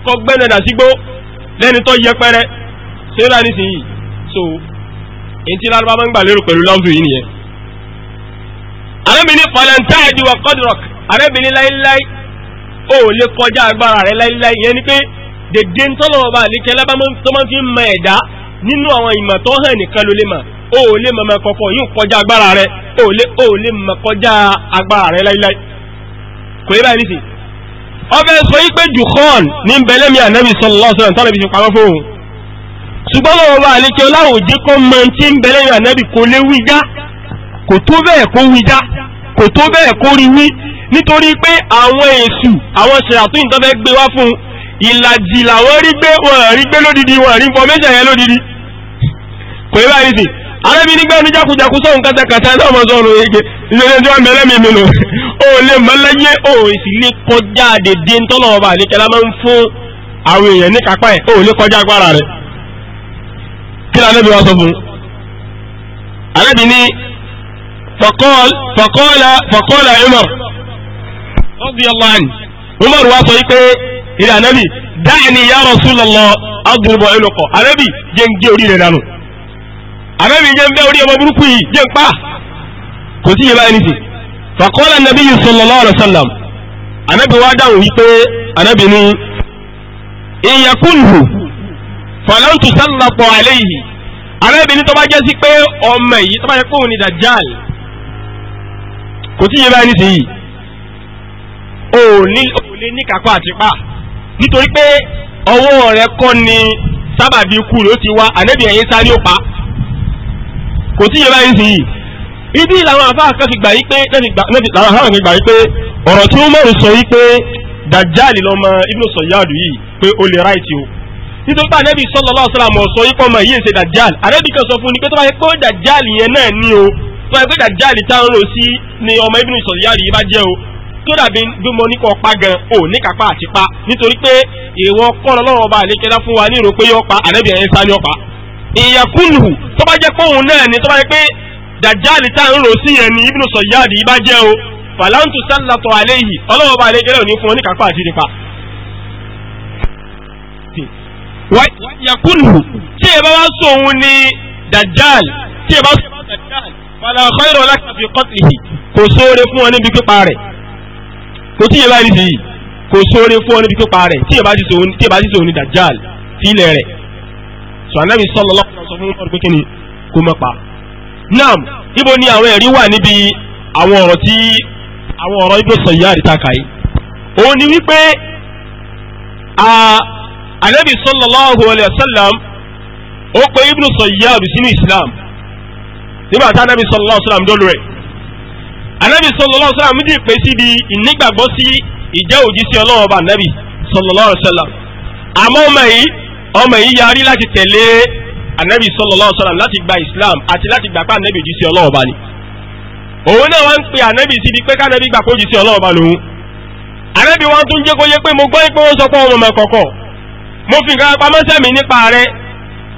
kọ gbẹ́nẹ̀dà sígbó lẹ́ni tó yẹpẹrẹ ṣe rà ní sìnyí so èyí tí lárúbá máa ń gbà lérò pẹ̀lú láwùjọ yìí nìyẹn. arábìnrin falẹ̀ntà ìdíwọ̀ kọ́dùrọ̀k arábìnrin láíláí ó lè kọjá agbára rẹ̀ láíláí yẹn ni pé dèdè ń tọ́lọ̀ ọba àlékẹ́ lábá tó máa fi ń mọ ẹ̀dá nínú àwọn ìmọ̀ tó hàn nìkan ló lè mọ̀ ó lè mọ̀ mọ̀ kọ̀kọ̀ yóò kọjá agbára rẹ̀ ó lè mọ̀ kọjá agbára rẹ̀ láíláí kò yẹ báyìí nísìnyí ọfẹ́ sọ wípé jùkọ́ọ̀n ní bẹ̀lẹ́mí ànábì sallallahu alaihi wasallam tánàbí ti pamọ́ fóun ṣùgbọ́n lọ́wọ́ bá àlékẹ́ ọláwò jẹ́ kọ́ mọ tí ń bẹ̀lẹ́mí ànábì kò lè wí já kò tó bẹ́ẹ̀ kó ìlàjì làwọn rí gbé wọn rí gbé lódìdí wọn rí information yẹn lódìdí kò yẹ báyìí sí arábìnrin gbẹ́nu jákujàku sóhun kẹtẹkẹtẹ náà mọ̀ sọ́run yìí ìṣẹ̀lẹ̀ tí wọ́n bẹ̀lẹ́mí mi ó lè mọ́ sì lè kọjá dédé ń ọba àlékẹ́lá máa ń fún àwọn èèyàn ní kápá ẹ̀ ó lè kọjá agbára rẹ̀ kí ni anábì wa sọ fún un anábì ní fọkọ́ọ̀lá Umar radiyallahu anhu Umar wa sọ pé ìrìn anábì dáìní ya Rasulullah adùnbọ̀ ẹlòkọ̀ anábì jẹ́ ń gé orí rẹ̀ dànù jẹ́ ń bẹ́ orí ọmọ burúkú yìí jẹ́ ń pa kò sí yẹ báyìí nìsín fàkọ́lá nàbí yìí sallallahu alaihi wasallam anábì wá dáhùn wípé anábì ní ìyàkùnhù fàlọ́ntù sálàpọ̀ àléyìí anábì ní tó bá jẹ́ sí pé ọmọ yìí tó bá jẹ́ pòun ní dajjal kò sí yẹ báyìí nísìnyí ò ní òlé ní kápá àti pa nítorí pé ọwọ́ rẹ̀ kọ́ ni sábàbí ikú ló ti wá anábì ẹ̀yìn sáré ó pa kò sí yẹ báyìí nísìnyí ibi làwọn àfáà kan fi gbà yí pé làwọn àfáà kan fi gbà yí pé ọ̀rọ̀ tí Umar sọ yí pé dajali lọ́mọ Ibn Sayyadu yìí pé ó lè ráìtì o nítorí pé anẹ́bí sallallahu alaihi wasallam sọ yí pé ọmọ yìí ń ṣe dajali anẹ́bí kan sọ fún ni pé tó bá yẹ pé dajali yẹn náà ní o tó yẹ pé dajali táwọn rò sí ni ọmọ Ibn Sayyadu yìí bá jẹ́ o tó dàbí gbọmọ ní kò pa gan ò ní kápá àti pa nítorí pé ìwọ kọ́nà lọ́wọ́ ọba àlékẹ́lá fún wa ní ìrò yọ pa ànẹ́bí yẹn sá ní ọ̀pá ìyàkúnlù tó bá jẹ́ pé òun náà ni tó bá jẹ́ pé dàjáàlì tá ń rò sí yẹn ni ibùdó sọ̀yáàdì ibà jẹ́ o fàlántù sálàtọ̀ àléyìí ọlọ́wọ́ bá àlejò ní fún oníkàpá àti nípa. yakunu tí ẹ bá wá sọ òun ni dàjáàlì tí ẹ bá sọ òun dàjáàlì fàlà khayra laka fi qatlihi kò sóore fún ọ níbi pípa rẹ̀ kò tí ẹ bá rí sí yìí kò sóore fún ọ níbi pípa rẹ̀ tí ẹ bá ti sọ òun ni dàjáàlì fílẹ̀ rẹ̀ sọ anábì sallallahu alaihi wasallam pé kí ni kó mọ́ pa naam ibo ni àwọn ẹ̀rí wà níbi àwọn ọ̀rọ̀ tí àwọn ọ̀rọ̀ ibi sọ ìyá àdìta kàí òun ni wípé anabi sallallahu alayhi wa sallam ó pe ibnu Sayyad sínú islam nígbà tá anabi sallallahu alayhi sallam dọ́lù rẹ̀ anabi sallallahu alayhi wa sallam méjì pé síbi ìnígbàgbọ́ sí ìjẹ́ òjíṣẹ́ ọlọ́wọ́ bá anabi sallallahu alayhi sallam àmọ́ ọmọ yìí ọmọ yìí yarí láti tẹ̀lé anabi sallallahu alaihi wasallam láti gba islam àti láti gbà pé anabi ojú sí ọlọ́wọ́ bá ni òun náà wá ń pe anabi síbi pé kánabi gbà pé ojú sí ọlọ́wọ́ bá lòun anabi wa tún jẹ́ kó yé pé mo gbọ́ pé wọ́n sọ pé ọmọ kọ̀kọ̀ mo fi nǹkan pamọ́ sẹ́mi nípa rẹ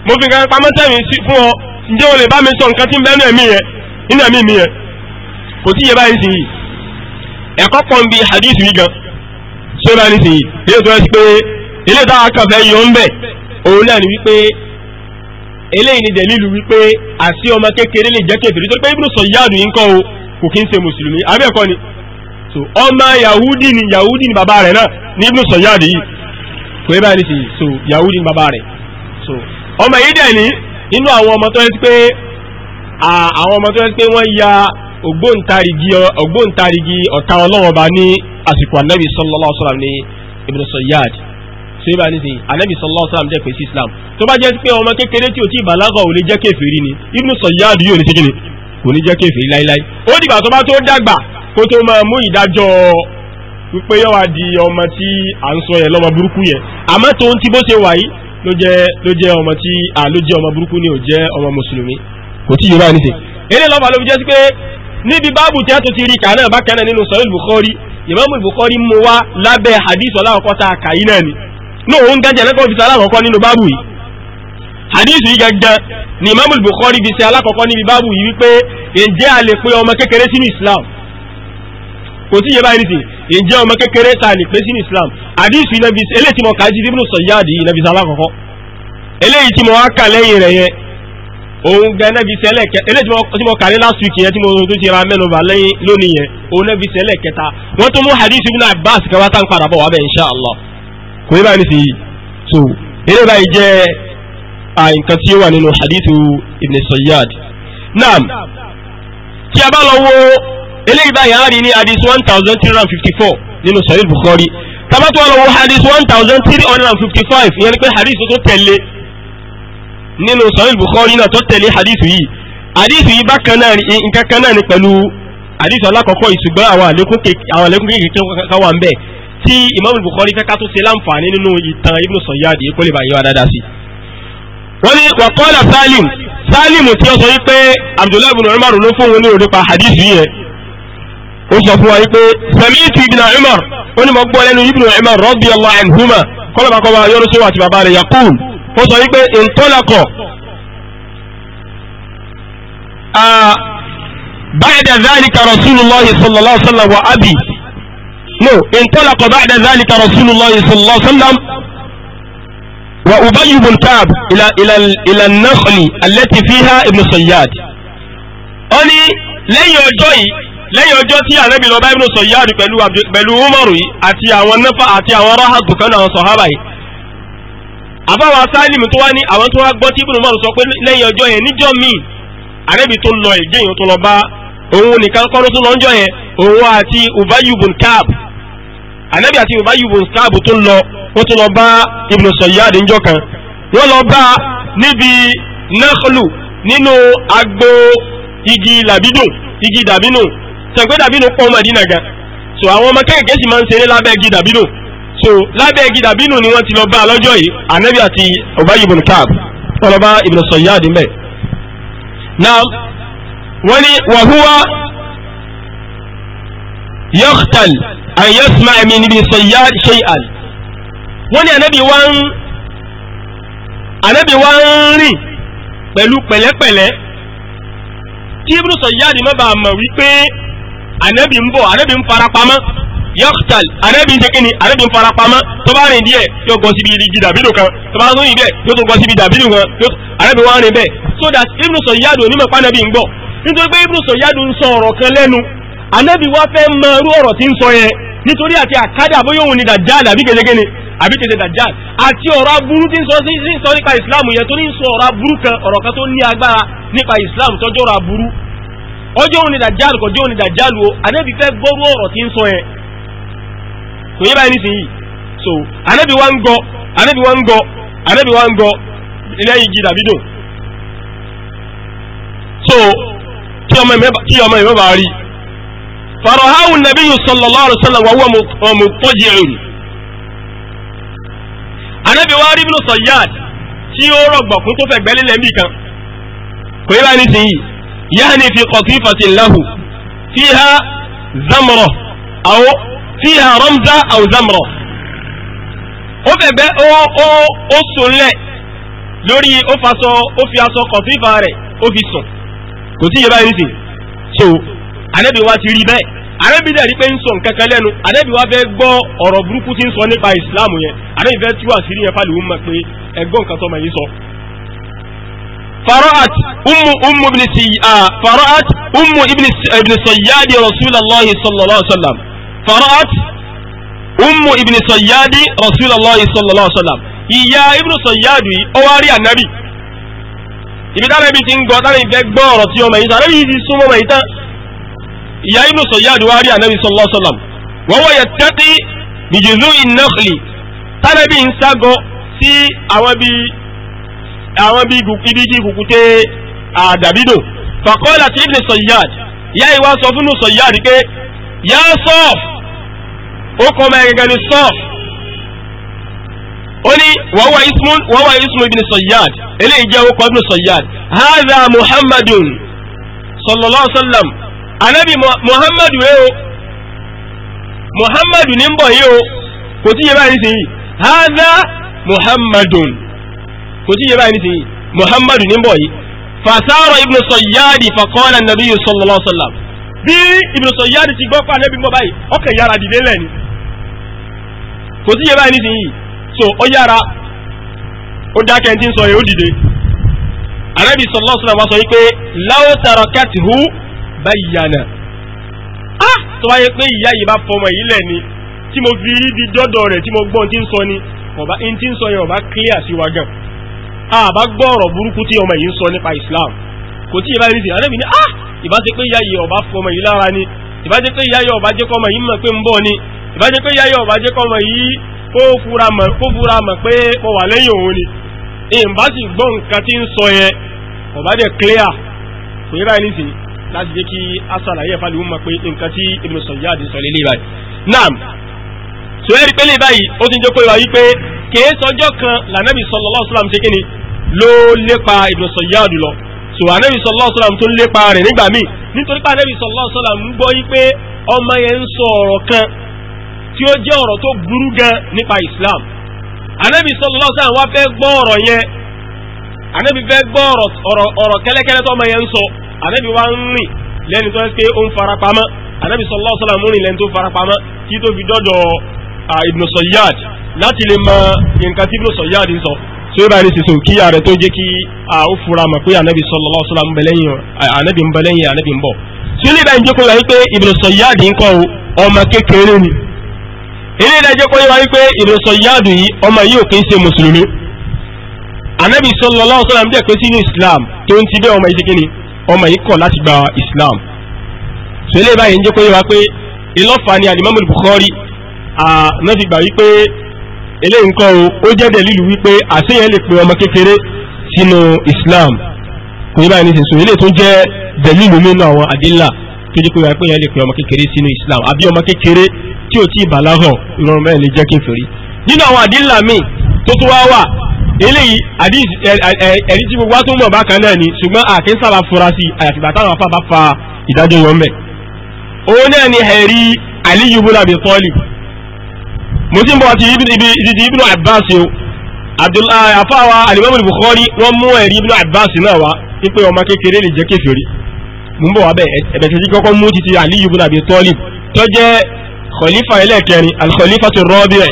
mo fi nǹkan pamọ́ sẹ́mi fún ọ ǹjẹ́ o lè bá mi sọ nǹkan tí ń bẹ́ẹ̀ mi yẹn nínú ẹ̀mí mi yẹn kò tí yẹ báyìí sìn yìí ẹ̀kọ́ kan bíi hadith yìí gan ṣé báyìí sìn yìí ilé tó yẹ sí pé ilé táwa kan fẹ́ yọ ń bẹ̀ òun náà ni wípé eléyìí ni dẹ̀lílù wípé àti ọmọ kékeré lè jẹ́ kèfèrí tó pé Ibn Sayyad yìí ń kọ́ o kò kí ń mùsùlùmí abẹ́ẹ̀kọ́ ni so ọmọ yahudi ni yahudi ni bàbá rẹ̀ náà ní yìí so yahudi ni bàbá rẹ̀ so ọmọ yìí dẹ̀ inú àwọn ọmọ tó yẹ pé àwọn ọmọ tó pé wọ́n ya ògbóǹtarìgì ògbóǹtarìgì ọ̀tá ọlọ́wọ́ba ní àsìkò ṣé bá nísìnyí anabi sallallahu alaihi wasallam jẹ́ pé sí islam tó bá jẹ́ pé ọmọ kékeré tí ò tí bàlágà ò lè jẹ́ kèfèrí ni ibnu sayyad yóò ní sékìní kò ní jẹ́ kèfèrí láíláí ó dìgbà tó bá tó dàgbà kó tó máa mú ìdájọ́ wípé yóò wá di ọmọ tí à ń sọ yẹn lọ́mọ burúkú yẹn àmọ́ tó ń ti bó ṣe wà yìí ló jẹ́ ló jẹ́ ọmọ tí à ló jẹ́ ọmọ burúkú ni ò jẹ́ ọmọ mùsùlùmí kò tí yorùbá nìṣe eré lọ́ba ló fi jẹ́ sí pé níbi báàbù tí a tún ti rí kà náà bákan náà nínú sọ́yìn bukhari ìmáàmù bukhari mú wa lábẹ́ hadith ọláwọ̀kọ́ta kàyí náà ni lóòun gẹ́jẹ̀ lẹ́kọ̀ọ́ fi ṣe alákọ̀ọ́kọ́ nínú báàbù yìí hadith yìí gẹ́gẹ́ ni Imamul Bukhari fi ṣe alákọ̀ọ́kọ́ níbi báàbù yìí wípé ǹjẹ́ a lè pé ọmọ kékeré sínú Islam kò sí yẹba ẹni sí ǹjẹ́ ọmọ kékeré ta lè pé sínú Islam hadith yìí nàbí eléyìí tí mo kà á jí Ibn Sayyad yìí nàbí ṣe alákọ̀ọ́kọ́ eléyìí tí mo wá kà lẹ́yìn rẹ̀ yẹn òun gan nàbí sẹ́lẹ̀ kẹ eléyìí tí mo kà ní last week yẹn mo tún ti ra mẹ́nu bà lẹ́yìn lónìí yẹn òun nàbí sẹ́lẹ̀ kẹta wọ́n tún mú hadith Ibn Abbas kẹwàá tá ń padà bọ̀ kò yẹ báyìí nísìnyí so eré báyìí jẹ́ nǹkan tí ó wà nínú hadithu ibn sayyad naam tí a bá lọ wo eléyìí báyìí a rí ní hadith one thousand three hundred fifty four nínú sahih bukhari tabatu wa lọ wo hadith one thousand three hundred and fifty five ìyẹn ni pé hadith tó tẹ̀lé nínú sahih bukhari náà tó tẹ̀lé hadith yìí hadith yìí bákan náà ni nǹkan kan náà ni pẹ̀lú hadith alákọ̀ọ́kọ́ ìṣùgbọ́n àwọn àlékún kékeré kan wà ń bẹ̀ tí Imam Bukhari fẹ́ ká tó ṣe láǹfààní nínú ìtàn Ibn Sayyadi kó lè bá yíwa dáadáa sí. wọ́n ní wa qala Salim Salim tí ó sọ wípé Abdullahi ibn Umar ló fún òun ní òrùpa hadith yẹn ó sọ fún wa wípé sami'tu ibn Umar ó ní mo gbọ́ lẹ́nu ibn Umar radiyallahu anhuma kọ́lọ́ba kọ́ba yọrọ sí wa àti bàbá rẹ̀ yaqul ó sọ wípé intalaqa ah, ba'da dhalika Rasulullah sallallahu alaihi wa sallam wa abi no intalaqa ba'da dhalika rasulullah sallallahu alaihi wasallam wa ubayy ibn ka'b ila ila ila an-nakhli allati fiha ibn sayyad ó ní lẹ́yìn ọjọ́ yìí lẹ́yìn ọjọ́ tí ànábì lọ bá ibn sayyad pẹ̀lú pẹ̀lú umaru yìí àti àwọn nafa àti àwọn rahadu kan àwọn sahaba yìí àbáwọn asálìmù tó wá ní àwọn tó wá gbọ́ tí ibùdó márùn sọ pé lẹ́yìn ọjọ́ yẹn níjọ́ míì àrẹ́bì tó lọ ìgbéyìn tó lọ bá òun nìkan kọ́ ló tó lọ́njọ́ yẹn òun àti ubayubun kaab anabi àti yorùbá yìí bùn káàbù tó lọ wọ́n tó lọ bá ibùn sọ̀yáàdì ńjọ́ kan wọ́n lọ bá níbi nakhlu nínú agbo igi làbídùn igi dàbínù sàgbé dàbínù pọ̀ Mádínà gan so àwọn ọmọ kéèké sì máa ń ṣeré lábẹ́ igi dàbínù so lábẹ́ igi dàbínù ni wọ́n ti lọ bá lọ́jọ́ yìí anabi àti yorùbá yìí bùn káàbù wọ́n lọ bá ibùn sọ̀yáàdì mbẹ́ náà àyẹ́sùmá ẹ̀mí níbi sọ̀yá ṣe àn wọ́n ní ànábì wá ń ànábì wá ń rìn pẹ̀lú pẹ̀lẹ́pẹ̀lẹ́ kí ibùdó sọ̀yá àdì má bàa mọ̀ wípé ànábì ń bọ̀ ànábì ń farapamọ́ yọ́kítàl ànábì ń ṣe kíni ànábì ń farapamọ́ tó bá rìn díẹ̀ yóò gọ́ síbi igi dàbídò kan tó bá rìn díẹ̀ yóò tún gọ́ síbi dàbídò kan ànábì wá rìn bẹ́ẹ̀ so that ibùdó sọ̀yá àdì onímọ̀ pànábì ń gbọ́ nítorí pé ibùdó sọ̀yá àdì ń sọ ọ̀rọ̀ kan lẹ́nu anábì wá fẹ́ mọ irú ọ̀rọ̀ tí ń sọ yẹn nítorí àti àkádà bóyá òun ni dàjáàlì àbí kejeke ni àbí kejeke dàjáàlì àti ọ̀rọ̀ aburú tí ń sọ sí sọ nípa ìsìláàmù yẹn tó ní sọ ọ̀rọ̀ aburú kan ọ̀rọ̀ kan tó ní agbára nípa ìsìláàmù tọ́jú ọ̀rọ̀ aburú ọjọ́ òun ni dàjáàlì kọjọ́ òun ni dàjáàlì o anábì fẹ́ gbọ́rú ọ̀rọ̀ tí ń sọ yẹn kò yé báyìí nísìnyí so anábì wá ń gọ anábì wá ń gọ anábì wá ń gọ lẹ́yìn igi dàbídò so kí ọmọ ìmẹ́bà rí فرآه النبي صلى الله عليه وسلم وهو مضطجع Ànábì wa rí Ibn Sayyad tí ó rọ̀gbọ̀ fún tó fẹ́ gbẹ́lẹ́ lẹ́mí kan kò yíba ní sìnyí yahni fi qatifatin lahu fiha zamra aw fiha ramza aw zamra ó fẹ́ gbẹ́ ó ó ó sùn lẹ̀ lórí ó fa aṣọ ó fi aṣọ qatifa rẹ̀ ó fi sùn kò sí yíba ní sìnyí so ànábì wa ti rí bẹ́ẹ̀ ànábì dẹ̀ rí pé ń sọ nǹkan kan lẹ́nu ànábì wa fẹ́ gbọ́ ọ̀rọ̀ burúkú tí ń sọ nípa ìsìláàmù yẹn ànábì fẹ́ tú àṣírí yẹn fáliwú mọ̀ pé ẹgbọ́n nǹkan tọ́mọ yìí sọ. فرأت أم أم ابن سي آه فرأت أم ابن ابن صياد رسول الله صلى الله عليه وسلم فرأت أم ابن صياد رسول الله صلى الله عليه وسلم ìyá ibùdó sọ̀yáàdù yìí ó wá rí ànábì ibi táwọn ibi ti ń gọ táwọn ìfẹ́ gbọ́ ọ̀rọ̀ tí ìyá ibnu sọ̀yáàdù wá rí ànábì sallallahu alaihi wasallam wa huwa yattaqi bi juzu'in nakhli tánàbí ń ságọ sí àwọn bíi àwọn bíi ibigi kùkùté àdàbídò fàkọ́lá ti ibnu sọ̀yáàdù ìyá ìwá sọ fún ibnu sọ̀yáàdù pé yá sọ́ọ̀f ó kọ́ ọmọ ẹ̀gẹ̀gẹ̀ ni sọ́ọ̀f ó ní wa huwa ismu wa huwa ismu ibnu sọ̀yáàdù eléyìí jẹ́ ó kọ́ ibnu sọ̀yáàdù hadha muhammadun sallallahu anabi muhammadu rẹ e o muhammadu ní ń bọ̀ yìí o kò tí yẹ báyìí nìsín yìí haza muhammadun kò tí yẹ báyìí nìsín yìí muhammadu ní ń bọ̀ yìí fasaro ibn soyyadi fakọ́lá nabi sallallahu alaihi wasallam bí ibn soyyadi ti gbọ́ pa anabi ń báyìí ọkàn yára dìde lẹ́ni kò tí yẹ báyìí nìsín so ó yára ó dákẹ́ tí ń sọ yìí ó dìde anabi sallallahu alaihi wasallam wá sọ pé láwọ́ tàrọ kẹ́tì bayyana ah tó bá yẹ pé ìyá yìí bá fọmọ yìí lẹ̀ ni tí mo fi di dọ́dọ̀ rẹ̀ tí mo gbọ́ tí ń sọ ni ọba in tí ń sọ yẹn ọba clear sí wa gan àbá gbọ́ ọ̀rọ̀ burúkú tí ọmọ yìí ń sọ nípa Islam kò tí ìbá ìrìnsì àdébì ní ah ìbá ṣe pé ìyá yìí ọba fọmọ yìí lára ni ìbá ṣe pé ìyá yìí ọba jẹ́ kọ́mọ yìí mọ̀ pé ń bọ̀ ni ìbá ṣe pé ìyá yìí ọba jẹ́ kọ́mọ yìí kó fura mọ̀ pé mo wà lẹ́yìn òun ni ìbá sì gbọ́ nǹkan tí ń sọ yẹn ọba dẹ̀ clear kò yẹ báyìí nísìnyí láti jẹ́ kí asàlàyé ẹ̀fà lùmọ̀ pé nǹkan tí Ibn Sayyad sọ lé léyìí báyìí. naam so ẹ̀rí pé léyìí báyìí ó ti ń jókòó ìwà yìí pé kìí sọjọ́ kan lànàbì sallallahu alaihi wasallam ṣe kíni ló lépa Ibn Sayyad lọ so ànàbì sallallahu alaihi wasallam tó lépa rẹ̀ nígbà míì nítorí pé ànàbì sallallahu alaihi wasallam ń gbọ́ yìí pé ọmọ yẹn ń sọ ọ̀rọ̀ kan tí ó jẹ́ ọ̀rọ̀ tó burú gan nípa Islam ànàbì sallallahu alaihi wasallam wá fẹ́ gbọ́ ọ̀rọ̀ yẹn ànàbì fẹ́ gbọ́ ọ̀rọ̀ kẹ́lẹ́kẹ́lẹ́ tó ọmọ yẹn ń sọ ànábì wa ń rìn lẹni tó ń pé ó ń farapamọ́ ànábì sallallahu alaihi wasallam rìn lẹ́ni tó farapamọ́ kí tó fi dọ́dọ̀ Ibn Sayyad láti lè mọ nǹkan tí sọ tí ó bá kí tó kí ó fura pé ń ń tí ó lè dá ìjókòó wípé ń ọmọ kékeré ni ilé ìdájọ́ kọ́ yíwa wípé Ibn Sayyad yìí ọmọ yìí ò kí ń ṣe mùsùlùmí ànábì sallallahu alaihi wasallam dẹ̀ pé sínú Islam tó ń ti bẹ́ ọmọ ọmọ yìí kọ̀ láti gba Islam so ilé báyìí ń jẹ́ kóyè wa pé ìlọ́fà ni alimami Bukhari náà fi gbà wípé eléyìí nǹkan o ó jẹ́ dẹ̀lílù wípé àṣeyẹ lè pe ọmọ kékeré sínú Islam kò ní báyìí ní sísun ilé tó jẹ́ dẹ̀lílù nínú àwọn àdínlà tó jẹ́ kóyè wa pé yẹn lè pe ọmọ kékeré sínú Islam àbí ọmọ kékeré tí ò tí ì bàlágà ìrọ̀rùn bẹ́ẹ̀ lè jẹ́ kéferì nínú àwọn àdínlà míì tó tún wá wà eléyìí ẹ̀rí tí gbogbo wa tó mọ̀ bákan náà ni ṣùgbọ́n àkínsára fura sí àyàfi bàtà àwọn afá bá fa ìdájọ́ wọn bẹ̀. òun náà ni ẹ̀rí Aliyu ibn Abi Talib mo ti ń bọ̀ ti ibi ibn Abbas o abdullahi afáwa alimami Bukhari wọ́n mú ẹ̀rí ibn Abbas náà wá wípé ọmọ kékeré lè jẹ́ kèfèrí mo ń bọ̀ wá bẹ́ẹ̀ ẹ̀bẹ̀ tẹ̀sí kọ́kọ́ mú titi Aliyu ibn Abi Talib khalifa ẹlẹ́kẹrin al-khalifatu rabi'i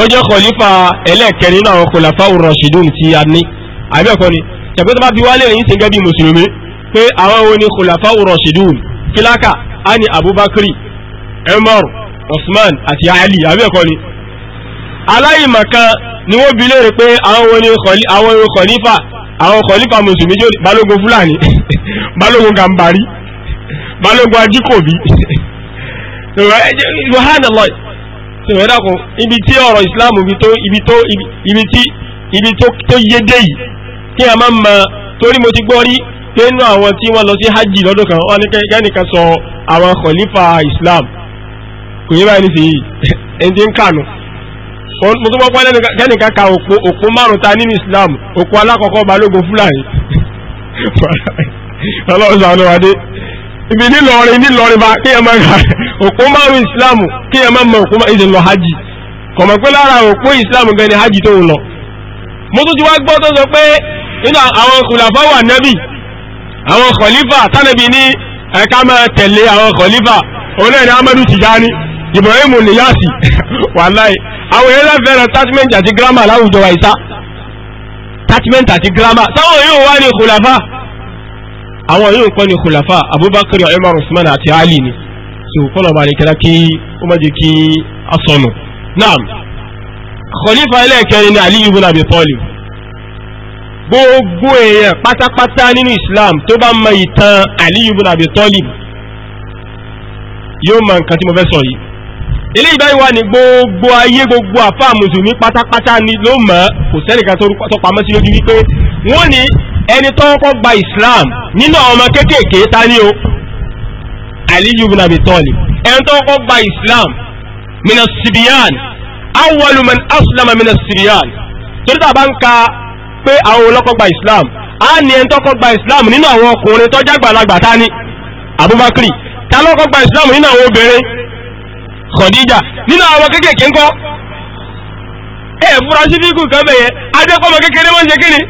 tó jẹ́ kọ̀lífà ẹlẹ́ẹ̀kẹ́ nínú àwọn kòlàfà rọ̀ṣìdùn tí a ní àbẹ́ẹ̀kọ́ ni ṣẹ̀pẹ́ tó bá fi wálé yìí ti gẹ́bí mùsùlùmí pé àwọn wo ni kòlàfà rọ̀ṣìdùn kíláka a ní abubakari umar usman àti ali àbẹ́ẹ̀kọ́ ni aláìmọ̀kan ni wọ́n bi léèrè pé àwọn wo ni kọ̀lífà àwọn kọ̀lífà mùsùlùmí jẹ́ balógun fúlàní balógun gàmbàrí balógun ajíkòbí tó yẹ dàkún ibi tí ọ̀rọ̀ islam ibi tó ibi tó ibi tí ibi tó tó yédè yìí kí a máa ma torí mo ti gbọ́ rí pé nínú àwọn tí wọ́n lọ sí hajj lọ́dún kan wọ́n ní kẹ́nìkan sọ àwọn khalifa islam kò yẹ báyìí nísìnyí ẹni tí ń kànú mo tún gbọ́ pé kẹ́nìkan ka òpó márùn ta nínú islam òpó alákọ̀ọ́kọ́ balógun fúlàní ọlọ́run sàánú wa dé ibi nílọrin nílọrin bá kí ẹ máa gbà òpó márùn ìsìláàmù kí ẹ máa mọ òpó ìṣẹ̀ lọ hajj kọ̀mọ̀ pé lára òpó ìsìláàmù gan ni hajj tó ń lọ. mo tún ti wá gbọ́ tó sọ pé nínú àwọn kùlàfà wà nẹ́bì àwọn kọ̀lífà tánàbí ní ẹ̀ka máa tẹ̀lé àwọn kọ̀lífà olóyè ní amadu tijani ibrahim niyasi wàláì àwọn èèyàn fẹ́ràn tátímẹ́ǹtì àti gírámà láwùjọ wa ìta tátímẹ́ǹtì àti gírámà táwọn yóò wá ní kùlàfà àwọn yóò kọ́ ni khulafa abubakar umar usman àti ali ni so kọ́nà bá lè kẹ́lá kí ó má jẹ́ kí a sọnù naam khalifa ẹlẹ́ẹ̀kẹrin ni ali ibn abi talib gbogbo èèyàn pátápátá nínú islam tó bá mọ ìtàn ali ibn abi talib yóò mọ nǹkan tí mo fẹ́ sọ yìí ilé ìbáyìí wà ní gbogbo ayé gbogbo àfa mùsùlùmí pátápátá ni ló mọ̀ kò sẹ́nìkan tó pamọ́ sí lójú wípé wọ́n ní ẹni tó kọ́kọ́ gba islam nínú àwọn ọmọ kéékèèké ta ni o aliyu bin ẹni tó kọ́kọ́ gba islam mina sibiyan awwalu man aslama mina sibiyan torí tàbá ń ka pé àwọn olókọ́ gba islam a ní ẹni tó kọ́kọ́ gba islam nínú àwọn ọkùnrin tó jágbàlagbà ta ni abubakar ta ló kọ́kọ́ gba islam nínú àwọn obìnrin khadija nínú àwọn kéékèèké ńkọ́ ẹ̀ fúra sí fíkù kan bẹ̀yẹ adékọ́mọ kékeré wọ́n ṣe kíni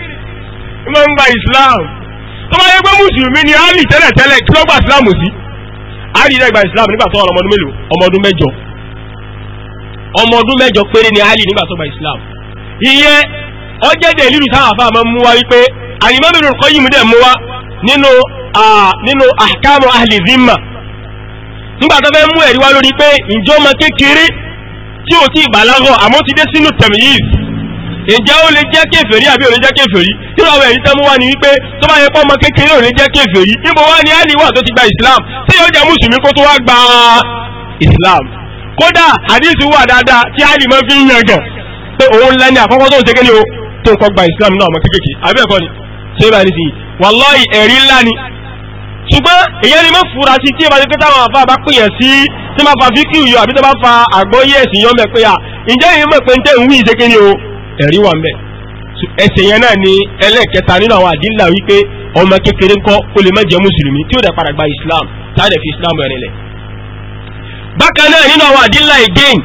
máa islam tó bá yẹ pé mùsùlùmí ni ali tẹ́lẹ̀ tẹ́lẹ̀ kí ló islam sí ali dẹ́ islam nígbà tó wà ọmọdún mélòó ọmọdún mẹ́jọ ọmọdún mẹ́jọ péré ni ali nígbà tó gba islam ìyẹn ọjẹ́dẹ̀ lílu táwọn àfa máa ń mú wa wípé àyìnbá mi lòrùn kọ́ yìí mú dẹ̀ mú wa nínú nínú ahkamu ahli zimma nígbà tó fẹ́ mú ẹ̀rí wá lórí pé ǹjọ́ ọmọ kékeré tí ò tí ì bàlágọ̀ àmọ́ ti dé sínú tẹ̀míyìí ǹjẹ́ ó lè jẹ́ kèfèrí àbí ò lè jẹ́ kèfèrí tí ìrọ̀wọ̀ ẹ̀rí tẹ́mú wá ní wípé tó bá yẹ pọ́ ọmọ kékeré ò lè jẹ́ kèfèrí níbo wá ní àlì wà tó ti gba Islam tí yóò jẹ́ mùsùlùmí kó tó wá gba Islam kódà àdìsí wà dáadáa tí àlì máa fi ń yàn gàn pé òun lẹ́ni àkọ́kọ́ tó ń ṣe kéde o tó ń kọ́ gba Islam náà ọmọ kékeré àbí ẹ̀kọ́ ni ṣé bá ní sìn wàláì ẹ̀rí ńlá ni ṣùgbọ́n èyàn ni mọ́ fura sí tí ìbájú pé táwọn àfa bá pèyàn sí tí máa fa fíkì yọ àbí tó bá fa àgbọ́yé ẹ̀sìn yọ mẹ́ pé à ǹjẹ́ èyí mọ̀ pé ń tẹ̀ ń wí ìṣe kí ni o ẹ̀rí wà ńbẹ̀ ẹsẹ̀ yẹn náà ni ẹlẹ́ẹ̀kẹta nínú àwọn àdínlà wípé ọmọ kékeré ńkọ́ ó lè má jẹ́ mùsùlùmí tí ó dẹ̀ padà gba islam tá a dẹ̀ fi islam rẹ̀ lẹ̀. bákan náà nínú àwọn àdínlà again